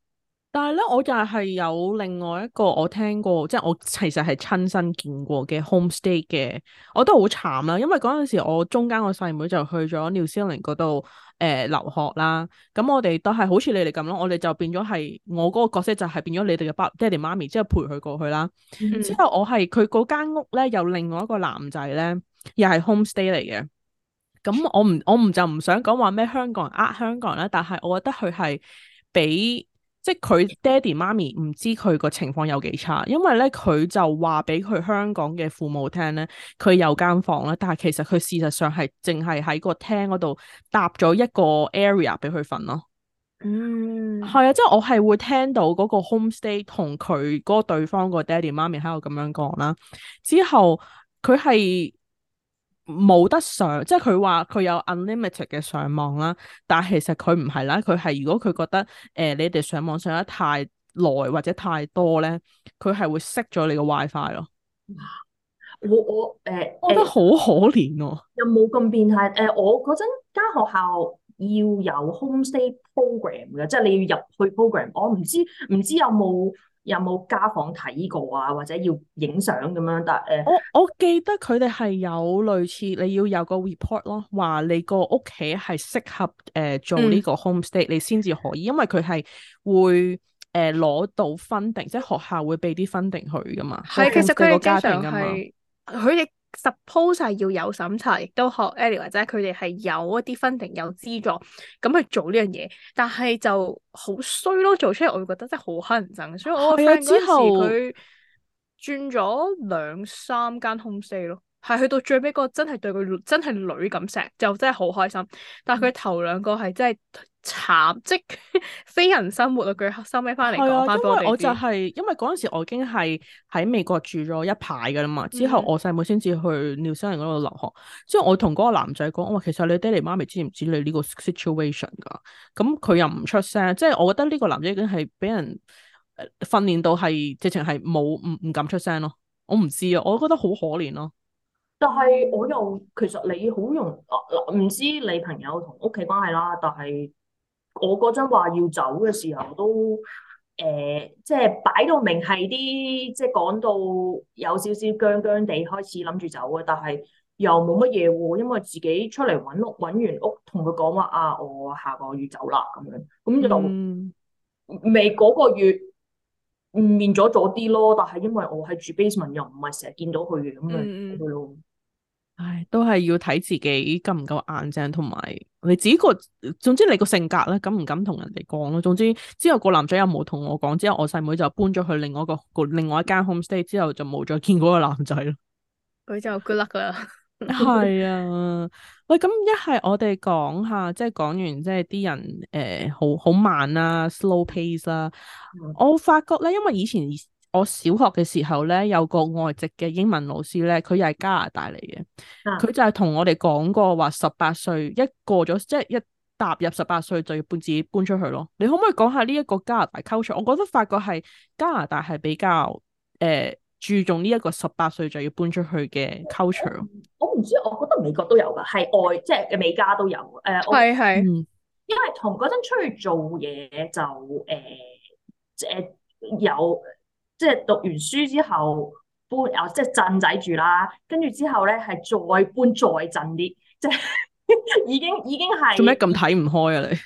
但係咧，我就係有另外一個我聽過，即係我其實係親身見過嘅 home stay 嘅，我覺得好慘啦，因為嗰陣時我中間個細妹就去咗 New Zealand 嗰度誒留學啦，咁我哋都係好似你哋咁咯，我哋就變咗係我嗰個角色就係變咗你哋嘅爸、爹哋、媽咪，之後陪佢過去啦，嗯、之後我係佢嗰間屋咧有另外一個男仔咧，又係 home stay 嚟嘅，咁我唔我唔就唔想講話咩香港人呃香港人啦，但係我覺得佢係俾。即係佢爹哋媽咪唔知佢個情況有幾差，因為咧佢就話俾佢香港嘅父母聽咧，佢有間房咧，但係其實佢事實上係淨係喺個廳嗰度搭咗一個 area 俾佢瞓咯。嗯，係啊，即係我係會聽到嗰個 homestay 同佢嗰個對方個爹哋媽咪喺度咁樣講啦。之後佢係。冇得上，即係佢話佢有 unlimited 嘅上網啦，但係其實佢唔係啦，佢係如果佢覺得誒、呃、你哋上網上得太耐或者太多咧，佢係會熄咗你個 WiFi 咯。我我誒，呃呃、我覺得好可憐喎、啊。有冇咁變態誒、呃！我嗰陣間學校要有 homestay program 嘅，即係你要入去 program 我。我唔知唔知有冇。有冇家訪睇過啊？或者要影相咁樣？但係、呃、我我記得佢哋係有類似你要有個 report 咯，話你個屋企係適合誒、呃、做呢個 home stay 你先至可以，因為佢係會誒攞、呃、到 funding，即係學校會俾啲 funding 佢噶嘛。係的，home 其實佢哋個家庭噶嘛佢哋。suppose 係要有審查，亦都學 Ellie 或者佢哋係有一啲 funding 有資助咁去做呢樣嘢，但係就好衰咯，做出嚟我會覺得真係好乞人憎。所以我個 friend 佢轉咗兩三間 homestay 咯，係去到最尾嗰個真係對佢真係女咁錫，就真係好開心。但係佢頭兩個係真係。慘，即非人生活啊！佢收尾翻嚟講翻俾我，我就係、是、因為嗰陣時我已經係喺美國住咗一排噶啦嘛，之後我細妹先至去 New Zealand 嗰度留學，嗯、之後我同嗰個男仔講，我話其實你爹哋媽咪知唔知你呢個 situation 噶？咁佢又唔出聲，即係我覺得呢個男仔已經係俾人訓練到係直情係冇唔唔敢出聲咯。我唔知啊，我覺得好可憐咯。但係我又其實你好容，唔、啊、知你朋友同屋企關係啦，但係。我嗰陣話要走嘅時候都誒、呃，即係擺到明係啲，即係講到有少少僵僵地開始諗住走嘅，但係又冇乜嘢喎，因為自己出嚟搵屋，搵完屋同佢講話啊，我下個月走啦咁樣，咁就未嗰、嗯、個月面咗咗啲咯，但係因為我係住 basement，又唔係成日見到佢嘅咁樣咯。嗯唉，都係要睇自己夠唔夠硬正，同埋你自己個，總之你個性格咧敢唔敢同人哋講咯。總之之後個男仔又冇同我講，之後我細妹，妹就搬咗去另外一個，另外一間 home stay，之後就冇再見嗰個男仔咯。佢就 good luck 啦。係 啊，喂，咁一係我哋講下，即係講完，即係啲人誒，好好慢啊，Slow 啊 s l o w pace 啦。我發覺咧，因為以前。我小學嘅時候咧，有個外籍嘅英文老師咧，佢又係加拿大嚟嘅，佢、啊、就係同我哋講過話，十八歲一過咗，即、就、係、是、一踏入十八歲就要搬自己搬出去咯。你可唔可以講下呢一個加拿大 culture？我覺得法國係加拿大係比較誒、呃、注重呢一個十八歲就要搬出去嘅 culture。我唔知，我覺得美國都有㗎，係外即係美加都有誒。係、呃、係是、嗯，因為同嗰陣出去做嘢就即誒、呃呃、有。即係讀完書之後搬啊，即係鎮仔住啦。跟住之後咧，係再搬再震啲，即、就、係、是、 已經已經係做咩咁睇唔開啊？你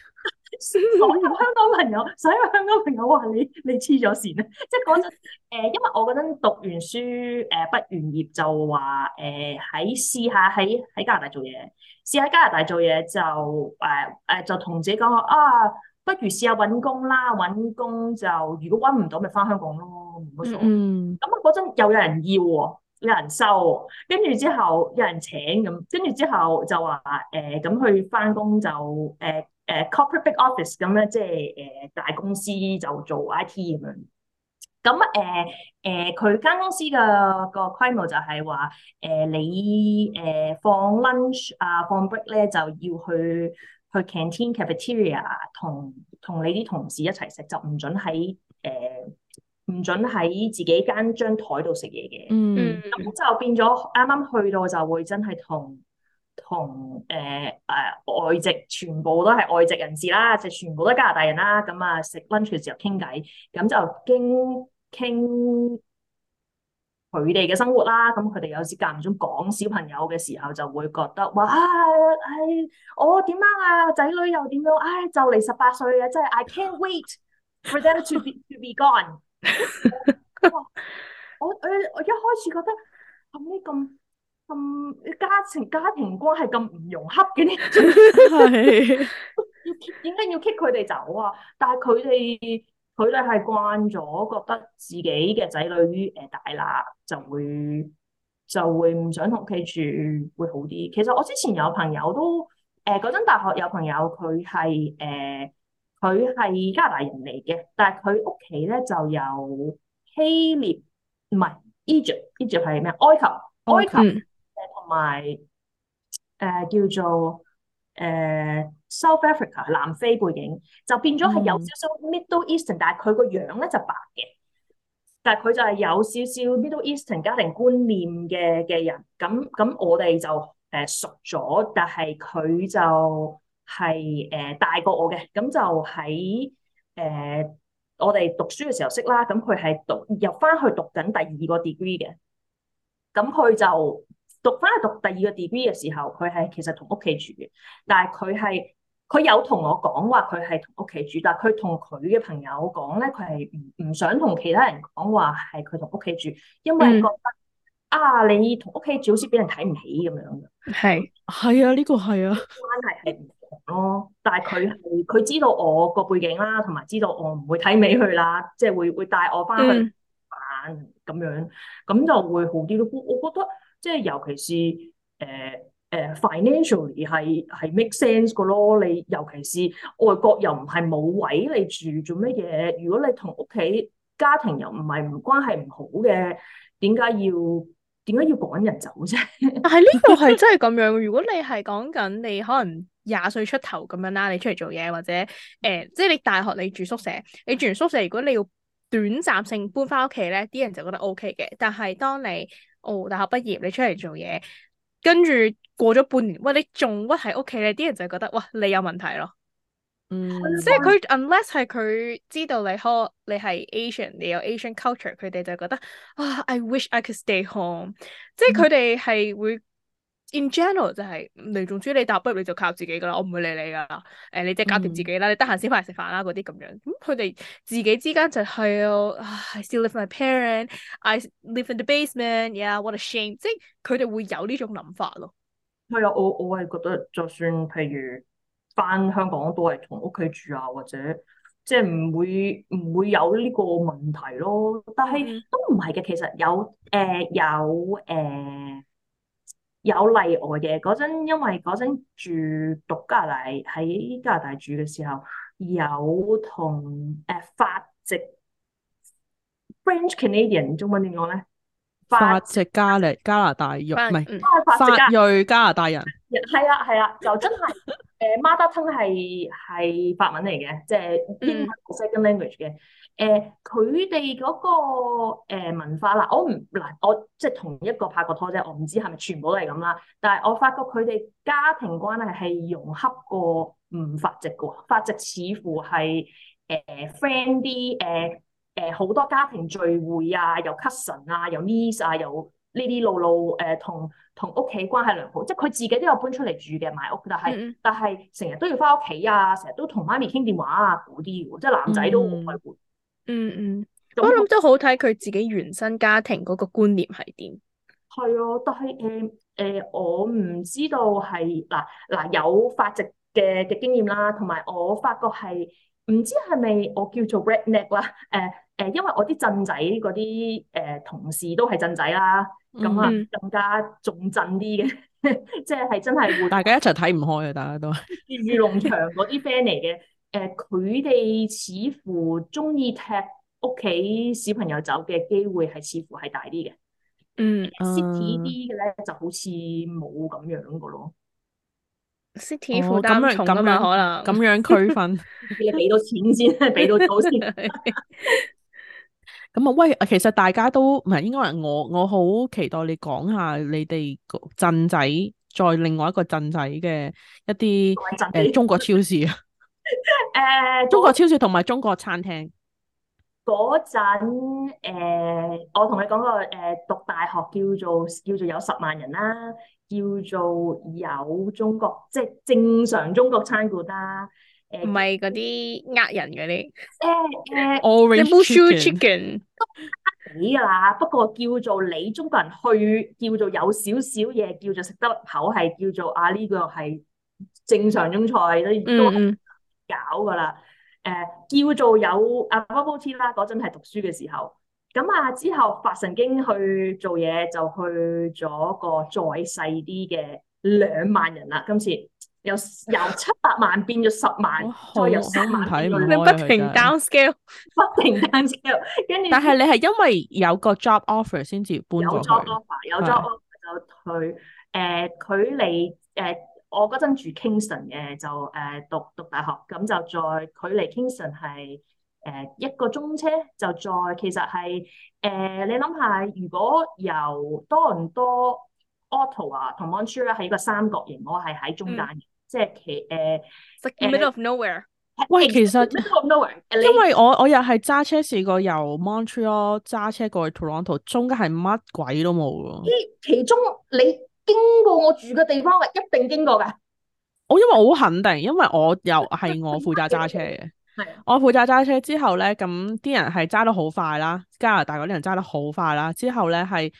我 香港朋友，所有香港朋友話你你黐咗線啊！即係講真，誒、呃，因為我嗰陣讀完書誒畢完業就話誒喺試下喺喺加拿大做嘢，試下加拿大做嘢就誒誒、呃呃、就同自己講啊，不如試下揾工啦。揾工就如果揾唔到，咪翻香港咯。嗯，咁啊、嗯，嗰陣又有人要喎，有人收，跟住之後有人請咁，跟住之後就話誒，咁去返工就誒誒 corporate big office 咁咧，即係誒大公司就做 IT 咁樣。咁誒誒，佢、呃、間、呃、公司嘅、個規模就係話誒你誒、呃、放 lunch 啊放 break 咧就要去去 canteen cafeteria 同同你啲同事一齊食，就唔準喺誒，呃唔准喺自己間張台度食嘢嘅，咁，mm hmm。就變咗啱啱去到就會真係同同誒誒外籍全部都係外籍人士啦，就是，全部都係加拿大人啦，咁啊食 lunch 嘅時候傾偈，咁就傾傾佢哋嘅生活啦。咁佢哋有時間唔中講小朋友嘅時候，就會覺得哇，唉、哎、我、哎、點、哦、啊，仔女又點樣、啊、唉、哎，就嚟十八歲啊，真係 I can't wait for them to be to be gone。 我誒，我一開始覺得後尾咁咁家庭家庭關係咁唔融洽嘅咧， 要點解要 kick 佢哋走啊？但係佢哋佢哋係慣咗，覺得自己嘅仔女誒大啦，就會就會唔想同屋企住會好啲。其實我之前有朋友都誒，嗰陣大學有朋友佢係誒。呃佢係加拿大人嚟嘅，但係佢屋企咧就有希臘唔係 Egypt，Egypt 係咩？埃及，埃及，同埋誒叫做誒 South Africa，南非背景，就變咗係有，有少少 Middle Eastern，但係佢個樣咧就白嘅，但係佢就係有少少 Middle Eastern 家庭觀念嘅嘅人，咁咁我哋就誒熟咗，但係佢就。係誒、呃、大過我嘅，咁就喺誒、呃、我哋讀書嘅時候識啦。咁佢係讀入翻去讀緊第二個 degree 嘅。咁佢就讀翻去讀第二個 degree 嘅時候，佢係其實同屋企住嘅。但係佢係佢有我說說同我講話，佢係同屋企住，但係佢同佢嘅朋友講咧，佢係唔唔想同其他人講話，係佢同屋企住，因為覺得、嗯、啊，你同屋企住好似俾人睇唔起咁樣嘅。係係啊，呢、這個係啊，關係係。咯、哦，但係佢佢知道我個背景啦，同埋知道我唔會睇尾去啦，即係會會帶我翻去玩咁、嗯啊、樣，咁就會好啲咯。我我覺得即係尤其是誒誒、呃呃、financially 係係 make sense 個咯。你尤其是外國又唔係冇位你住做乜嘢？如果你同屋企家庭又唔係唔關係唔好嘅，點解要點解要趕人走啫？但係呢個係真係咁樣。 如果你係講緊你可能。廿歲出頭咁樣啦，你出嚟做嘢或者誒、嗯，即係你大學你住宿舍，你住完宿舍，如果你要短暫性搬返屋企咧，啲人就覺得 OK 嘅。但係當你哦大學畢業，你出嚟做嘢，跟住過咗半年，喂！你仲屈喺屋企咧，啲人就覺得哇，你有問題咯。嗯。即係佢、嗯，unless 係佢知道你可，你係 Asian，你有 Asian culture，佢哋就覺得啊，I wish I could stay home，嗯。即係佢哋係會。In general 就係黎仲主，你答不如，你就靠自己噶啦，我唔會理你噶。誒，你即係搞掂自己啦，你得閒先翻嚟食飯啦嗰啲咁樣。咁佢哋自己之間就係，I still live with my parents, I live in the basement，yeah，what a shame。即係佢哋會有呢種諗法咯。係啊，我我係覺得就算譬如翻香港都係同屋企住啊，或者即係唔會唔會有呢個問題咯。但係都唔係嘅，其實有誒有誒。有例外嘅嗰陣，因為嗰陣住讀加拿大，喺加拿大住嘅時候，有同誒法籍 French Canadian，中文點講咧？法籍，法籍加勒加拿大裔唔係法裔加拿大人。係啊係啊，啊，就真係誒，Mother tongue 係係法文嚟嘅，即係英文係 second language 嘅。嗯誒佢哋嗰個、呃、文化啦，我唔嗱我即係同一個拍過拖啫，我唔知係咪全部都係咁啦。但係我發覺佢哋家庭關係係融洽過法籍，唔法籍嘅喎。法籍似乎係誒 friend 啲誒誒好多家庭聚會啊，有 cousin 啊，有 niece 啊，有呢啲路路誒同同屋企關係良好，即係佢自己都有搬出嚟住嘅買屋，但係、嗯嗯、但係成日都要翻屋企啊，成日都同媽咪傾電話啊嗰啲喎，即係男仔都好愛換。嗯嗯，嗯嗯我諗都好睇佢自己原生家庭嗰個觀念係點，係啊，但係誒誒，我唔知道係嗱嗱有發跡嘅嘅經驗啦，同埋我發覺係唔知係咪我叫做 Redneck 啦，誒、呃、誒、呃，因為我啲鎮仔嗰啲誒同事都係鎮仔啦，咁啊、嗯、更加重鎮啲嘅，即係係真係，大家一齊睇唔開啊，大家都 御龍長嗰啲 fan 嚟嘅。誒，佢哋、呃、似乎中意踢屋企小朋友走嘅機會係似乎係大啲嘅，嗯，city 啲嘅咧就好似冇咁樣噶咯。city 咁樣可能咁樣區分。俾到 錢先，俾到錢先。咁啊，喂，其實大家都唔係，應該係我我好期待你講下你哋鎮仔，在另外一個鎮仔嘅一啲誒中國超市啊。 誒，uh, 中國超市同埋中國餐廳嗰陣，誒，uh, 我同你講過，誒、uh,，讀大學叫做叫做有十萬人啦、啊，叫做有中國，即係正常中國餐館啦、啊。誒、啊，唔係嗰啲呃人啲。誒誒，Orange Chicken 都得嘅啦。 不過叫做你中國人去叫做有少少嘢，叫做食得口係叫做啊呢、這個係正常中菜都。Mm. 搞噶啦，誒、呃，叫做有啊 Bubble Tea 啦，嗰陣係讀書嘅時候，咁啊之後發神經去做嘢，就去咗個再細啲嘅兩萬人啦，今次由由七百萬變咗十萬，好再由十萬，不，不，你不停 down scale， 不停 down scale，跟住，但係你係因為有個 job offer 先至搬咗去，有 job offer，有 job offer，的有 job offer 就退。誒、呃，佢、呃、離誒。呃呃呃呃呃呃呃呃我嗰陣住 Kingston 嘅，就誒、呃、讀讀大學，咁就再距離 Kingston 係誒、呃、一個鐘車，就再其實係誒、呃、你諗下，如果由多倫多 Ottawa 同 Montreal 係一個三角形，我係喺中間、嗯、即係其誒。呃、It's e、like、the middle of nowhere。喂，其實 nowhere，因為我我又係揸車試過由 Montreal 揸車過去 Toronto，中間係乜鬼都冇咯。依其，其中你。經過我住嘅地方，係一定經過嘅。我因為好肯定，因為我又係我負責揸車嘅。係我負責揸車之後咧，咁啲人係揸得好快啦。加拿大嗰啲人揸得好快啦。之後咧係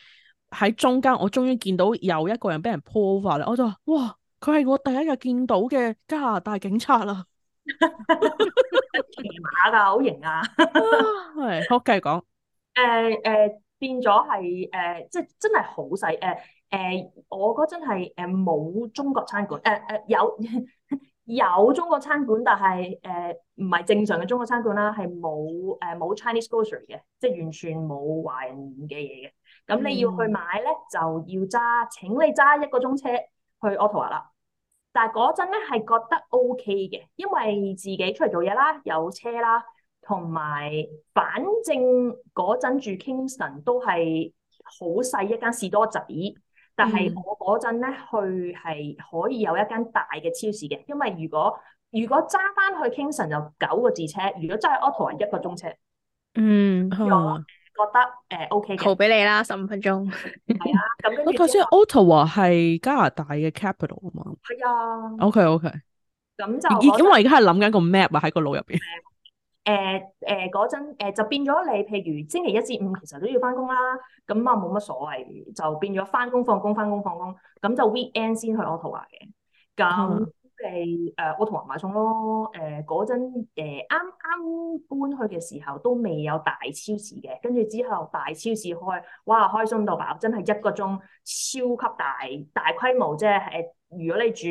喺中間，我終於見到有一個人俾人潑翻啦。我就話：哇，佢係我第一日見到嘅加拿大警察啦。騎馬噶，好型啊！係，繼續講。誒誒，變咗係誒，即係真係好細誒。誒，uh, 我嗰陣係誒冇中國餐館，誒誒有有中國餐館，但係誒唔係正常嘅中國餐館啦，係冇誒冇 Chinese grocery 嘅，即係完全冇華人嘅嘢嘅。咁你要去買咧，就要揸，請你揸一個鐘車去 Ottawa 啦。但係嗰陣咧係覺得 OK 嘅，因為自己出嚟做嘢啦，有車啦，同埋反正嗰陣住 Kingston 都係好細一間士多仔。但係我嗰陣咧去係可以有一間大嘅超市嘅，因為如果如果揸翻去 Kingston 就九個字車，如果真係 Ottawa 一個鐘車。嗯，以嗯覺得誒、呃、OK 嘅，好俾你啦，十五分鐘。係 啊，咁跟住。 我頭先 Ottawa 係加拿大嘅 capital 啊嘛 係啊。OK OK。咁就因為我而家係諗緊個 map 啊喺個腦入邊。 誒誒嗰陣誒就變咗你，譬如星期一至五其實都要翻工啦，咁啊冇乜所謂，就變咗翻工放工翻工放工，咁就 weekend 先去渥太華嘅。咁你誒渥太華買餸咯，誒嗰陣誒啱啱搬去嘅時候都未有大超市嘅，跟住之後大超市開，哇開心到爆！真係一個鐘超級大大規模啫，即係，誒、呃、如果你住。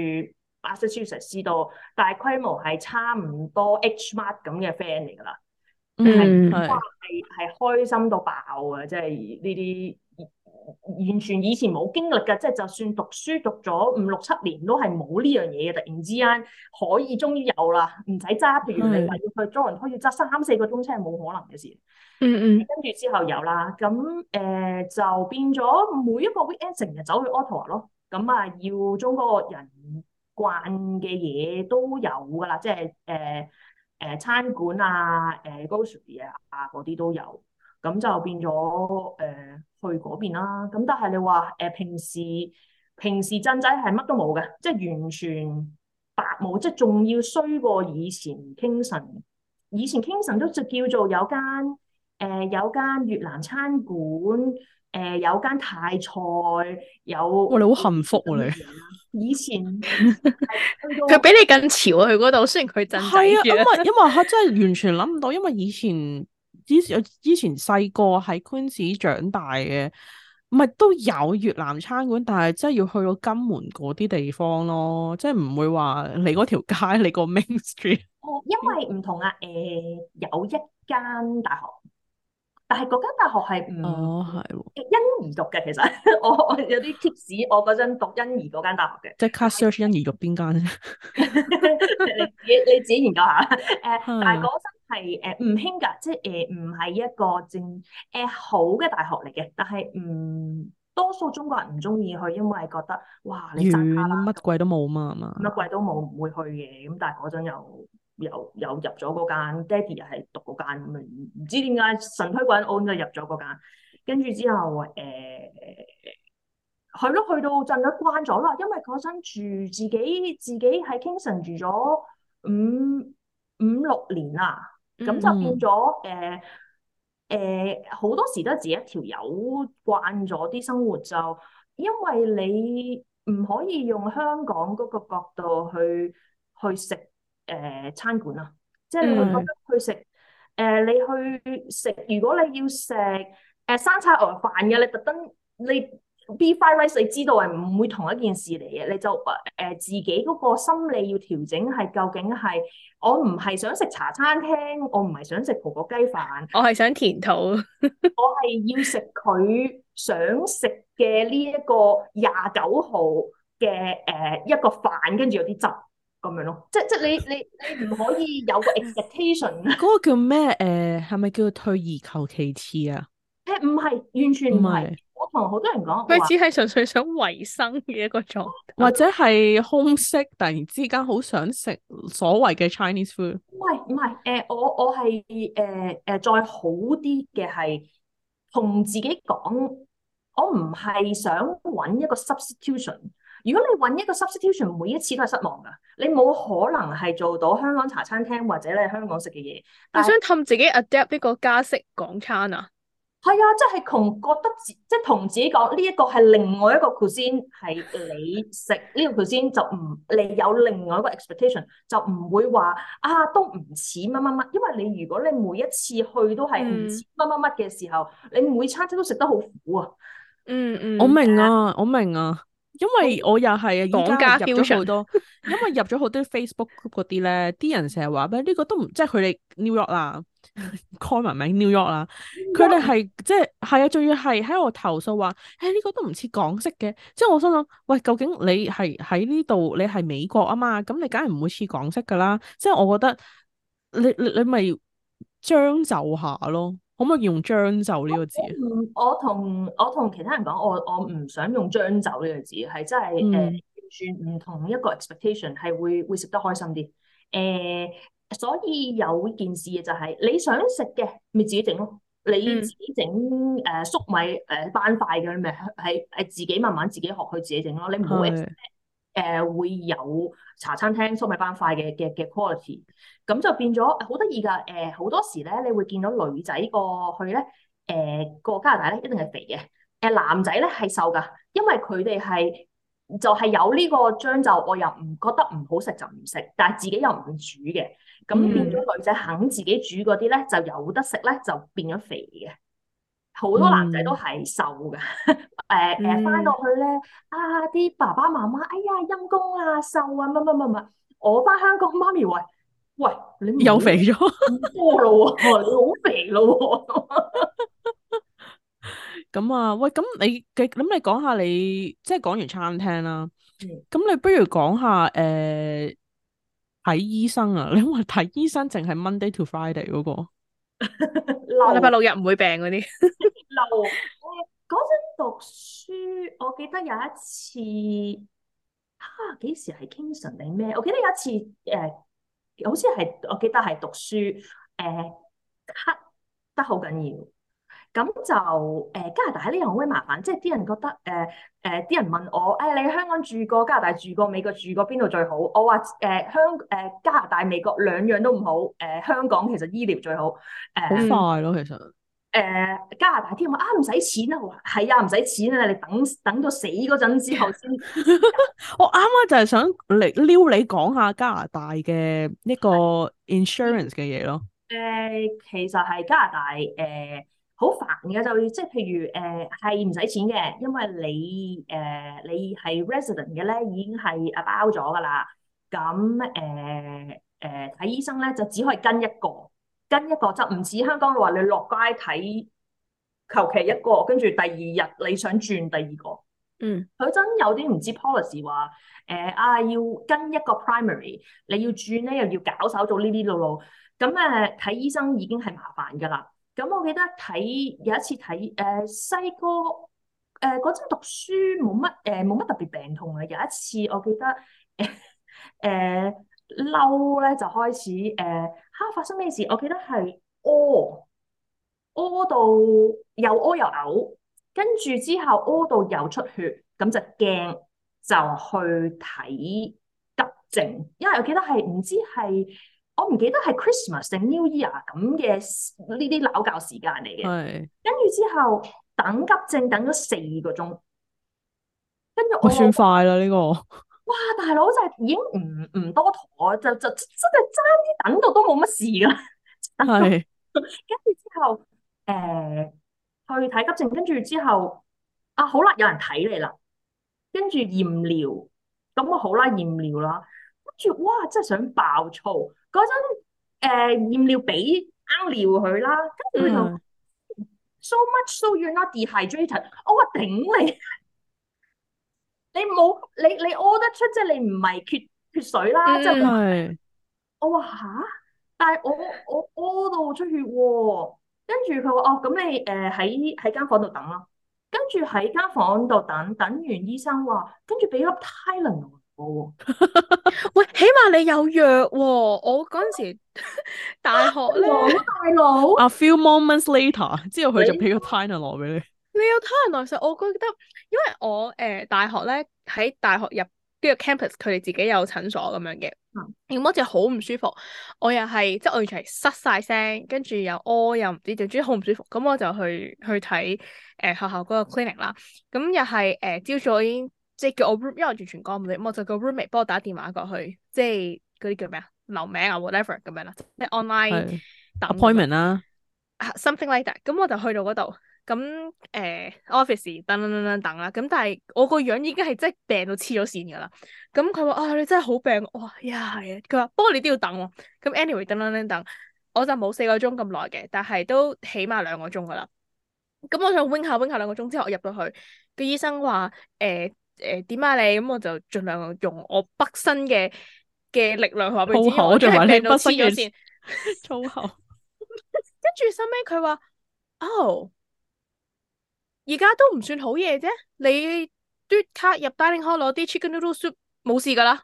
阿叔少實師多，但係規模係差唔多 H Mark 咁嘅 friend 嚟噶啦，係係、嗯、開心到爆啊！即係呢啲完全以前冇經歷嘅，即、就、係、是、就算讀書讀咗五六七年都係冇呢樣嘢嘅。突然之間可以終於有啦，唔使揸，譬是如你話要去 join，可以揸三四個鐘車，冇可能嘅事、嗯。嗯嗯，跟住之後有啦，咁誒、呃、就變咗每一個 weekend 成日走去 Ottawa 咯。咁啊，要中嗰個人。慣嘅嘢都有㗎啦，即係誒誒餐館啊、誒 grocery 啊嗰啲都有，咁就變咗誒、呃、去嗰邊啦。咁但係你話誒、呃、平時平時鎮仔係乜都冇嘅，即係完全白冇，即係仲要衰過以前 Kingston，以前 Kingston 都就叫做有間誒、呃、有間越南餐館。誒、呃，有間泰菜，有，哇！你好幸福喎、啊、你。以前佢比你更潮啊！佢嗰度雖然佢真係，啊，因為因為吓真係完全諗唔到，因為， 因為以前之前之前細個喺 Queens 長大嘅，唔係都有越南餐館，但係真係要去到金門嗰啲地方咯，即係唔會話你嗰條街，你個 Main Street。因為唔同啊，誒、呃，有一間大學。但係嗰間大學係唔，哦係喎，欣怡讀嘅，其實我，我有啲 tips，我嗰陣讀欣怡嗰間大學嘅，即係 class search 欣怡讀邊間咧？ 你自己你自己研究下。誒的，但係嗰陣係唔興㗎，即係誒唔係一個正誒、呃、好嘅大學嚟嘅。但係唔、呃、多數中國人唔中意去，因為覺得哇，你遠乜鬼都冇啊嘛，乜鬼都冇唔會去嘅。咁但係嗰陣又～又又入咗嗰間，爹哋又係讀嗰間，唔知點解神推鬼㧬咁就入咗嗰間。跟住之後，誒係咯，去到陣咗關咗啦。因為嗰陣住自己自己喺 Kingston 住咗五五六年啦，咁、嗯、就變咗誒誒好多時都自己一條友慣咗啲生活，就因為你唔可以用香港嗰個角度去去食。誒、呃，餐館啦、啊，即係你得去食，誒、嗯呃，你去食，如果你要食，誒，生菜鵝飯嘅，你特登、呃，你 B five rice，你知道係唔會同一件事嚟嘅，你就誒、呃、自己嗰個心理要調整，係究竟係我唔係想食茶餐廳，我唔係想食葡國雞飯，我係想填肚， 我係要食佢想食嘅呢一個廿九號嘅誒一個飯，跟住有啲汁。咁樣咯，即即你你你唔可以有個 expectation。嗰 個叫咩？誒係咪叫退而求其次啊？誒唔係，完全唔係。是我同好多人講，佢麼說只係純粹想維生嘅一個狀。或者係 homesick，突然之間好想食所謂嘅 Chinese food。喂，唔係誒，我我係誒誒，uh, uh, 再好啲嘅係同自己講，我唔係想搵一個 substitution。如果你揾一個 substitution，每一次都係失望噶，你冇可能係做到香港茶餐廳或者喺香港食嘅嘢。但你想氹自己 adapt 呢個加式港餐啊？係啊，即係同覺得自即係同自己講，呢一個係另外一個 cuisine，係你食呢、呢個 cuisine 就唔你有另外一個 expectation，就唔會話啊都唔似乜乜乜，因為你如果你每一次去都係唔似乜乜乜嘅時候，嗯、你每餐都食得好苦啊。嗯嗯，嗯但我明啊，我明啊。因為我又係啊，而家入咗好多，因為入咗好多 Facebook group 嗰啲咧，啲人成日話咩呢個都唔，即係佢哋 New York 啦，Common New York 啦，佢哋係即係係啊，仲要係喺我投訴話，誒、欸、呢、呢個都唔似港式嘅，即係我心諗，喂，究竟你係喺呢度，你係美國啊嘛，咁你梗係唔會似港式㗎啦，即係我覺得你你你咪將就，就下咯。可唔可以用將就呢個字？我同我同其他人講，我我唔想用將就呢個字，係真係誒完全唔同一個 expectation，係會會食得開心啲。誒、呃，所以有件事嘅就係、是、你想食嘅咪自己整咯，你自己整誒、嗯呃、粟米誒、呃、斑塊嘅咪係係自己慢慢自己學去自己整咯，你唔好誒、呃、會有茶餐廳粟米斑塊嘅嘅嘅 quality，咁就變咗好得意㗎。誒好、呃、多時咧，你會見到女仔過去咧誒個加拿大咧一定係肥嘅，誒、呃、男仔咧係瘦㗎，因為佢哋係就係、是、有呢個將就，我又唔覺得唔好食就唔食，但係自己又唔煮嘅，咁變咗女仔肯自己煮嗰啲咧，嗯、就有得食咧就變咗肥嘅。好多男仔都係瘦㗎，誒誒翻落去咧，啊啲爸爸媽媽，哎呀陰公啊，瘦啊，乜乜乜乜，我翻香港，媽咪話，喂，你又肥咗，多啦，你好肥咯！咁啊，喂，咁你嘅，咁你講下你，即係講完餐廳啦，咁、嗯、你不如講下誒，睇、呃、醫生啊，你話睇醫生淨係 Monday to Friday 嗰、那個？我禮拜六日唔會病嗰啲。溜，嗰陣讀書，我記得有一次，哈，幾時係清晨定咩？我記得有一次，誒、呃，好似係，我記得係讀書，誒、呃，咳得好緊要。咁就誒、呃、加拿大喺呢樣好鬼麻煩，即係啲人覺得誒，誒，啲人問我誒、哎、你喺香港住過，加拿大住過，美國住過，邊度最好？我話誒，香誒，加拿大美國兩樣都唔好。誒、呃、香港其實醫療最好誒，好、呃、快咯，其實誒加拿大添啊唔使錢啊，係啊唔使錢啊，你等等到死嗰陣之後先。 我啱啱就係想嚟撩你講下加拿大嘅呢個 insurance 嘅嘢咯。誒、呃呃，其實係加拿大誒。呃呃好煩嘅就即、是、係譬如誒係唔使錢嘅，因為你誒、呃、你係 resident 嘅咧，已經係啊包咗噶啦。咁誒誒睇醫生咧就只可以跟一個，跟一個就唔似香港話你落街睇求其一個，跟住第二日你想轉第二個。嗯，佢真有啲唔知 policy 話誒、呃、啊要跟一個 primary，你要轉咧又要搞手做呢啲路路，咁誒睇醫生已經係麻煩噶啦。咁我記得睇有一次睇誒、呃、細個，誒嗰陣讀書冇乜誒冇乜特別病痛嘅，有一次我記得誒嬲咧就開始誒嚇、呃、發生咩事？我記得係屙，屙到又屙又嘔，跟住之後屙到又出血，咁就驚就去睇急症，因為我記得係唔知係。我唔記得係 Christmas 定 New Year 咁嘅呢啲鬧教時間嚟嘅，跟住係之後等急症等咗四個鐘，跟住我，我算快啦呢個。哇，大佬就係已經唔唔多妥，就就，就真係爭啲等到都冇乜事啦。係。跟住係之後，誒、呃、去睇急症，跟住之後啊，好啦，有人睇你啦，跟住驗尿，咁啊好啦，驗尿啦。住，哇！真係想爆粗嗰陣，誒，驗尿俾啱尿佢啦，跟住佢就 so much, so you're not dehydrated. 我話頂你，你冇你你屙得出，即係你唔係缺缺水啦。真係，我話吓，但係我我屙到出血，跟住佢話哦，咁你誒喺喺間房度等咯，跟住喺間房度等等完醫生話，跟住俾粒泰林。 喂，起碼你有藥喎、哦。我嗰陣時 大學咧呢， 大佬哥。A few moments later，之後佢就俾個 Tylenol 來俾你。你有 Tylenol 來實，我覺得，因為我誒、呃，大學咧喺大學入，呢個 campus，佢哋自己有診所咁樣嘅。嗯。我就好唔舒服，我又係即係我完全係失晒聲，跟住、哦、又屙又唔知，總之好唔舒服。咁我就去去睇誒、呃、學校嗰個 clinic 啦。咁又係誒朝早已經。即係叫我 room，因為我完全講唔明，我就叫 roommate 幫我打電話過去，即係嗰啲叫咩啊？留名啊，whatever 咁樣啦。即 online appointment 啦，something like that。咁我就去到嗰度，咁誒、uh, office 等等等等等啦。咁但係我個樣已經係真係病到黐咗線噶啦。咁佢話啊，你真係好病、啊、哇，呀、yeah, 係、yeah,。佢話不過你都要等喎、啊。咁 anyway 等等等等，我就冇四個鐘咁耐嘅，但係都起碼兩個鐘噶啦。咁我再 waiting 下 waiting 下兩個鐘之後，我入到去個醫生話誒。呃誒，點、呃、啊你？咁、嗯、我就盡量用我畢身嘅嘅力量去話俾你自己聽，跟住聽到黐咗線粗口，跟住後尾佢話，哦，而家都唔算好夜啫，你嘟卡入 Dining Hall 攞啲 Chicken Noodle Soup，冇事噶啦。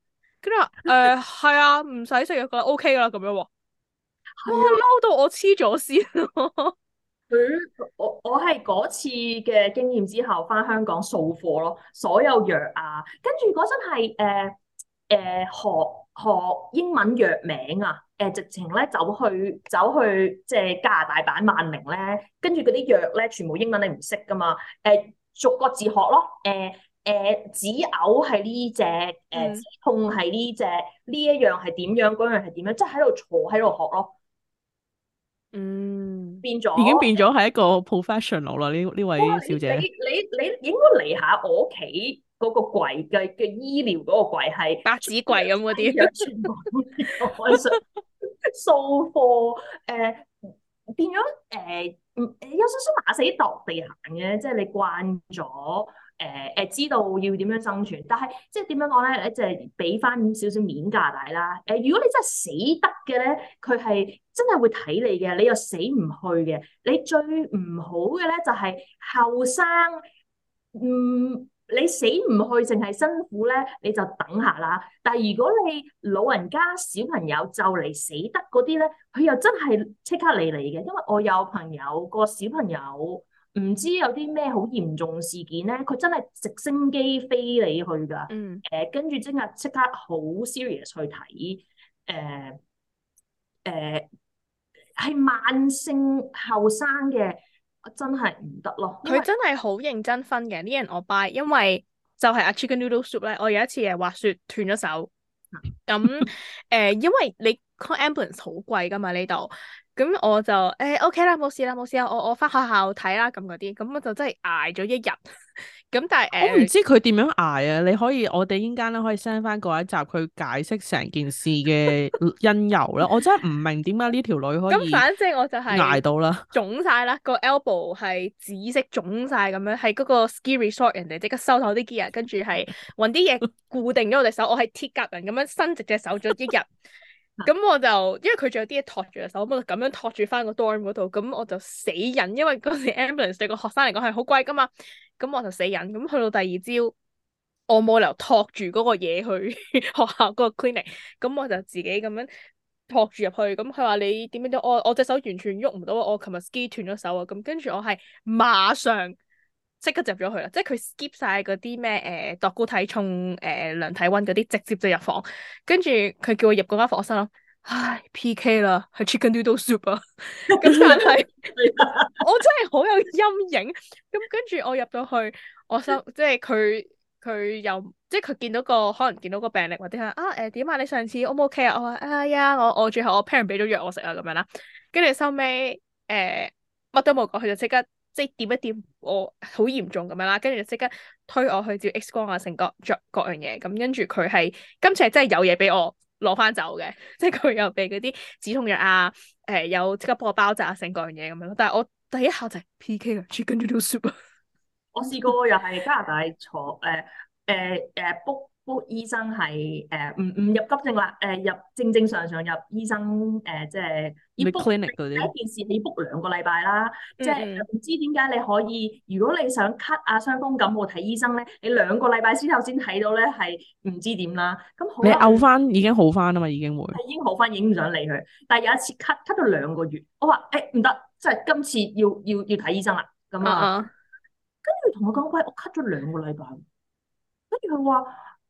跟住話誒係啊，唔使食藥，覺得 O K 啦，咁樣喎。哇！嬲到我黐咗線咯。佢我我係嗰次嘅經驗之後，翻香港掃貨咯，所有藥啊。跟住嗰陣係誒誒學學英文藥名啊。誒、呃、直情咧走去走去即係加拿大版萬寧咧，跟住嗰啲藥咧全部英文你唔識噶嘛？誒、呃、逐個字學咯，誒、呃。誒，止嘔係呢隻，誒止、呃、痛係呢隻，呢一樣係點樣，嗰樣係點樣，即係喺度坐喺度學咯。嗯，變咗，已經變咗係一個 professional 啦。呢呢、呃、位小姐，你你你應該嚟下我屋企嗰個櫃嘅嘅醫療嗰個櫃係百子櫃咁嗰啲。 全部想掃貨。誒、 so 呃，變咗誒，嗯、呃呃，有少少馬死度地行嘅，即、就、係、是、你慣咗。誒誒、呃，知道要點樣生存，但係即係、就是、點樣講咧？你即係俾翻少少免價底啦。誒，如果你真係死得嘅咧，佢係真係會睇你嘅，你又死唔去嘅。你最唔好嘅咧，就係後生，嗯，你死唔去，淨係辛苦咧，你就等下啦。但係如果你老人家、小朋友就嚟死得嗰啲咧，佢又真係即刻嚟嚟嘅。因為我有朋友個小朋友。唔知有啲咩好嚴重事件咧，佢真係直升機飛你去㗎。嗯。誒、呃，跟住即刻即刻好 serious 去睇。誒、呃、誒，係、呃、慢性後生嘅，真係唔得咯。佢真係好認真分嘅啲人我 buy，因為就係阿 Chicken Noodle Soup 咧。我有一次係滑雪斷咗手。咁誒，因為你 call ambulance 好貴㗎嘛？呢度。咁我就誒，O K 啦，冇事啦，冇事啦，我我翻學校睇啦，咁嗰啲，咁我就真係挨咗一日。咁但係誒，我唔知佢點樣挨啊！ 你可以，我哋依間咧可以 send 翻嗰一集佢解釋成件事嘅因由啦。 我真係唔明點解呢條女可以。咁反正我就係挨到啦，腫晒啦，個 elbow 係紫色腫晒咁樣，喺嗰個 ski resort 人哋即刻收咗啲 gear，跟住係搵啲嘢固定咗我隻手， 我係鐵甲人咁樣伸直隻手咗一日。 咁我就因為佢仲有啲嘢托住隻手，我咁樣托住翻個 dorm 嗰度，咁我就死忍，因為嗰時 ambulance 對個學生嚟講係好貴噶嘛，咁我就死忍。咁去到第二朝，我冇理由托住嗰個嘢去學校嗰個 clinic，咁我就自己咁樣托住入去。咁佢話你點點點，我我隻手完全喐唔到啊！我琴日 ski 斷咗手啊！咁跟住我係馬上。即刻入咗去啦，即係佢 skip 晒嗰啲咩誒度高體重誒、呃、量體溫嗰啲，直接就入房。跟住佢叫我入嗰間房間，我心諗唉 P.K. 啦，去 Chicken noodle soup 啊。咁 但係是 我真係好有陰影。咁跟住我入到去，我心即係佢佢又即係佢見到個可能見到個病歷或者係啊誒點、呃、啊？你上次 O 唔 O.K. 啊？我話哎呀，我我最後我 parent 俾咗藥我食啊咁樣啦。跟住收尾誒乜都冇講，佢就即刻。即係點一點我好嚴重咁樣啦，跟住就即刻推我去照 X 光啊，成各各樣嘢，咁跟住佢係今次係真係有嘢俾我攞翻走嘅，即係佢又俾嗰啲止痛藥啊，誒有即刻幫我包紮啊，成各樣嘢咁樣咯。但係我第一下就 PK 啦，跟住都輸啦。我試過又係加拿大坐誒誒誒 book。呃呃呃醫生係誒唔唔入急症啦，誒、呃、入正正常常入醫生誒、呃，即係 book clinic 嗰啲一件事你 book 兩個禮拜啦，嗯、即係唔知點解你可以，如果你想咳啊傷風感冒睇醫生咧，你兩個禮拜之後先睇到咧係唔知點啦。咁好，你嘔翻已經好翻啊嘛，已經會。已經好翻，已經唔想理佢。但係有一次咳咳咗兩個月，我話誒唔得，即係今次要要要睇醫生啦。咁啊、uh uh，跟住佢同我講喂，我咳咗兩個禮拜，跟住佢話。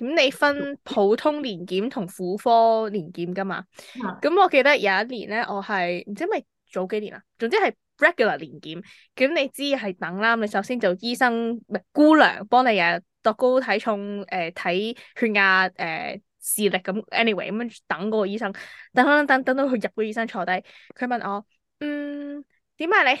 咁你分普通年檢同婦科年檢㗎嘛？咁、啊、我記得有一年咧，我係唔知係咪早幾年啦，總之係 regular 年檢。咁你知係等啦，你首先做醫生唔係姑娘幫你啊度高體重誒睇、呃、血壓誒視、呃、力咁。anyway 咁樣等嗰個醫生，等等等等到佢入個醫生坐低，佢問我：嗯點解、啊、你？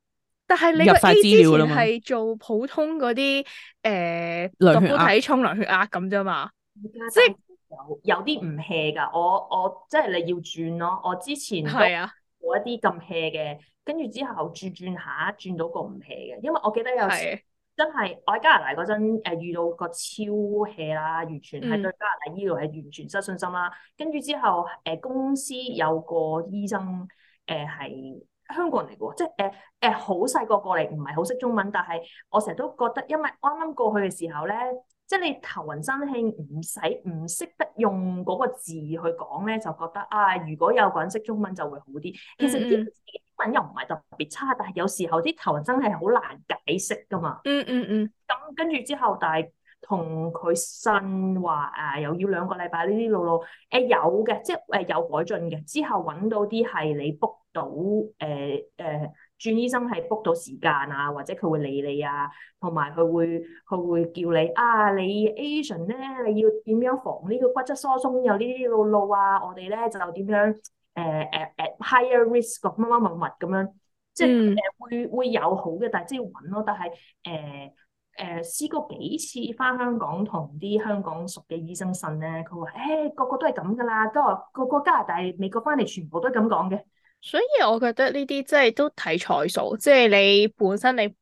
但係你之前係做普通嗰啲誒，體、呃、沖量血壓咁啫嘛，即係有有啲唔 hea 噶，我我即係你要轉咯。我之前係啊，做一啲咁 hea 嘅，跟住之後轉轉下轉到個唔 hea 嘅，因為我記得有時、啊、真係我喺加拿大嗰陣、呃、遇到個超 hea 啦，完全係對加拿大醫療係完全失信心啦。跟住、嗯、之後誒、呃、公司有個醫生誒係。呃呃香港嚟嘅喎，即係誒誒好細個過嚟，唔係好識中文，但係我成日都覺得，因為啱啱過去嘅時候咧，即係你頭暈身興，唔使唔識得用嗰個字去講咧，就覺得啊，如果有個人識中文就會好啲。其實英文又唔係特別差，但係有時候啲頭暈真係好難解釋㗎嘛。嗯嗯嗯。咁跟住之後，但係同佢呻話啊，又要兩個禮拜呢啲路路誒、呃、有嘅，即係誒、呃、有改進嘅，之後揾到啲係你到誒誒，轉、呃呃、醫生係 book 到時間啊，或者佢會理你啊，同埋佢會佢會叫你啊，你 Asian 咧，你要點樣防呢個骨質疏鬆有呢啲路路啊？我哋咧就點樣誒誒誒 higher risk 個乜乜物物咁樣，即係誒、嗯、會會有好嘅，但係即係揾咯。但係誒誒試過幾次翻香港同啲香港熟嘅醫生信咧，佢話誒個個都係咁噶啦，都個個加拿大美國翻嚟全部都係咁講嘅。所以我覺得呢啲真係都睇彩數，即係你本身你搵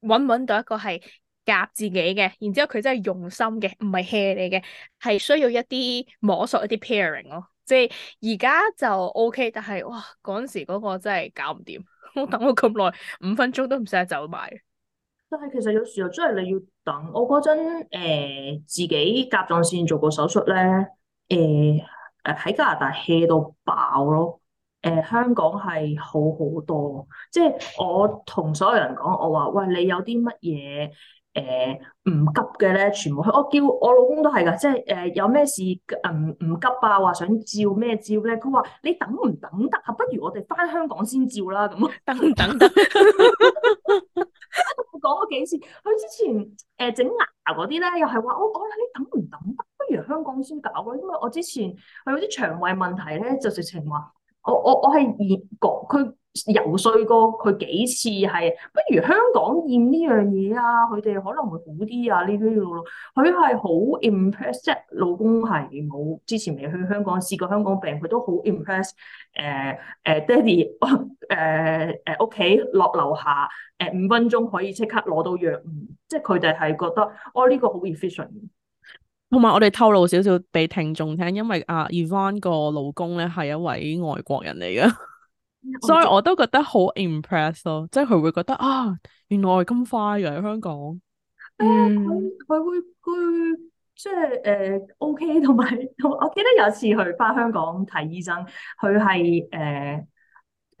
唔搵到一個係夾自己嘅，然之後佢真係用心嘅，唔係 hea 你嘅，係需要一啲摸索一啲 pairing 咯。即係而家就 OK，但係哇嗰陣時嗰個真係搞唔掂，我等我咁耐五分鐘都唔使走埋。但係其實有時候真係你要等，我嗰陣誒自己甲狀腺做過手術咧，誒誒喺加拿大 hea 到爆咯。誒、呃，香港係好好多，即係我同所有人講，我話喂，你有啲乜嘢誒唔急嘅咧，全部去。我叫我老公都係噶，即係誒、呃、有咩事唔唔急啊，話想照咩照咧，佢話你等唔等得，不如我哋翻香港先照啦咁。等唔等？我講咗幾次，佢之前誒整、呃、牙嗰啲咧，又係話我講你等唔等得，不如香港先搞咯。因為我之前有啲腸胃問題咧，就直情話。我我我係講佢游說過佢幾次係，不如香港驗呢樣嘢啊，佢哋可能會好啲啊呢啲咯。佢係好 impress 即係老公係冇之前未去香港試過香港病，佢都好 impress。誒、呃、誒、呃，爹哋，誒、呃、誒，屋企落樓下，誒、呃、五分鐘可以即刻攞到藥，即係佢哋係覺得，我、哦、呢、呢個好 efficient。同埋我哋透露少少俾聽眾聽，因為阿 Evan 個老公咧係一位外國人嚟嘅，嗯、 所以我都覺得好 impress 咯，即係佢會覺得啊，原來咁快嘅喺香港，佢佢、嗯、會佢即係誒、呃、OK，同埋我記得有一次去翻香港睇醫生，佢係誒。呃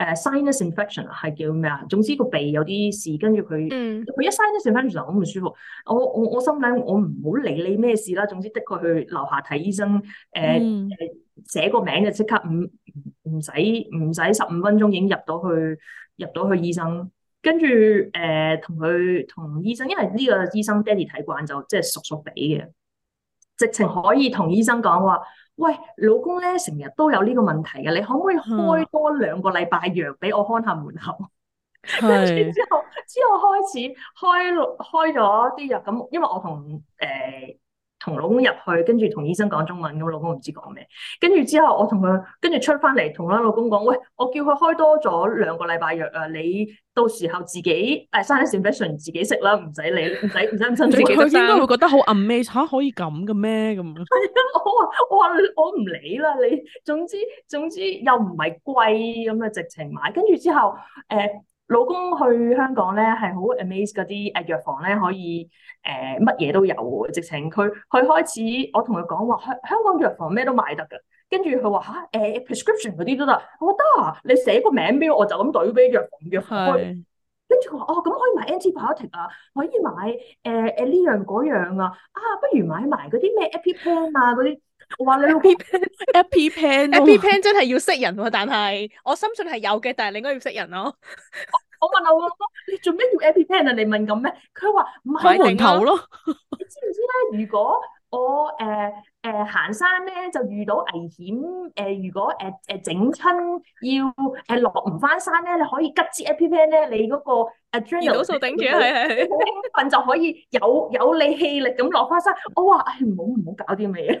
誒、uh, sinus infection 係叫咩啊？總之個鼻有啲事，跟住佢佢一 sinus infection 好唔舒服。我我我心諗我唔好理你咩事啦。總之的確去樓下睇醫生，誒、呃嗯、寫個名就即刻唔唔使唔使十五分鐘已經入到去入到去醫生，呃、跟住誒同佢同醫生，因為呢個醫生 Daddy 睇慣就即、是、係熟熟哋嘅，直情可以同醫生講話。喂，老公咧成日都有呢個問題嘅，你可唔可以開多兩個禮拜藥俾我看下門口？跟住、嗯、 之後，之後開始開開咗啲藥，咁因為我同誒，欸同老公入去，跟住同醫生講中文，咁老公唔知講咩。跟住之後，我同佢跟住出返嚟，同我老公講：喂，我叫佢開多咗兩個禮拜藥啊！你到時候自己誒，生啲 information 自己食啦，唔使理，唔使唔使唔使。佢應該會覺得好 amaze 吓，可以咁嘅咩咁？係啊，我話我話我唔理啦，你總之總之又唔係貴咁啊，直情買。跟住之後誒。老公去香港咧，係好 amaze 嗰啲誒藥房咧，可以誒乜嘢都有，直情佢佢開始，我同佢講話香香港藥房咩都買得嘅，跟住佢話吓誒 prescription 嗰啲都得，我得、啊、你寫個名俾我，我就咁懟俾藥房藥，跟住佢話哦咁可以買 antipartic 啊，可以買誒誒呢樣嗰樣啊，啊不如買埋嗰啲咩 EpiPen 啊啲。我話你 EpiPen，EpiPen，EpiPen 真係要識人，但係我深信係有嘅，但係你應該要識人咯。我我問下我老公，做咩要 EpiPen 啊？你問咁咩？佢話唔係門頭咯。你知唔知咧？如果我誒誒行山咧，就遇到危險誒，如果誒誒整親要誒落唔翻山咧，你可以急支 EpiPen 咧，你嗰個誒 adrenaline 倒數頂住咧，興奮就可以有有你氣力咁落翻山。我話誒唔好唔好搞啲咩嘢。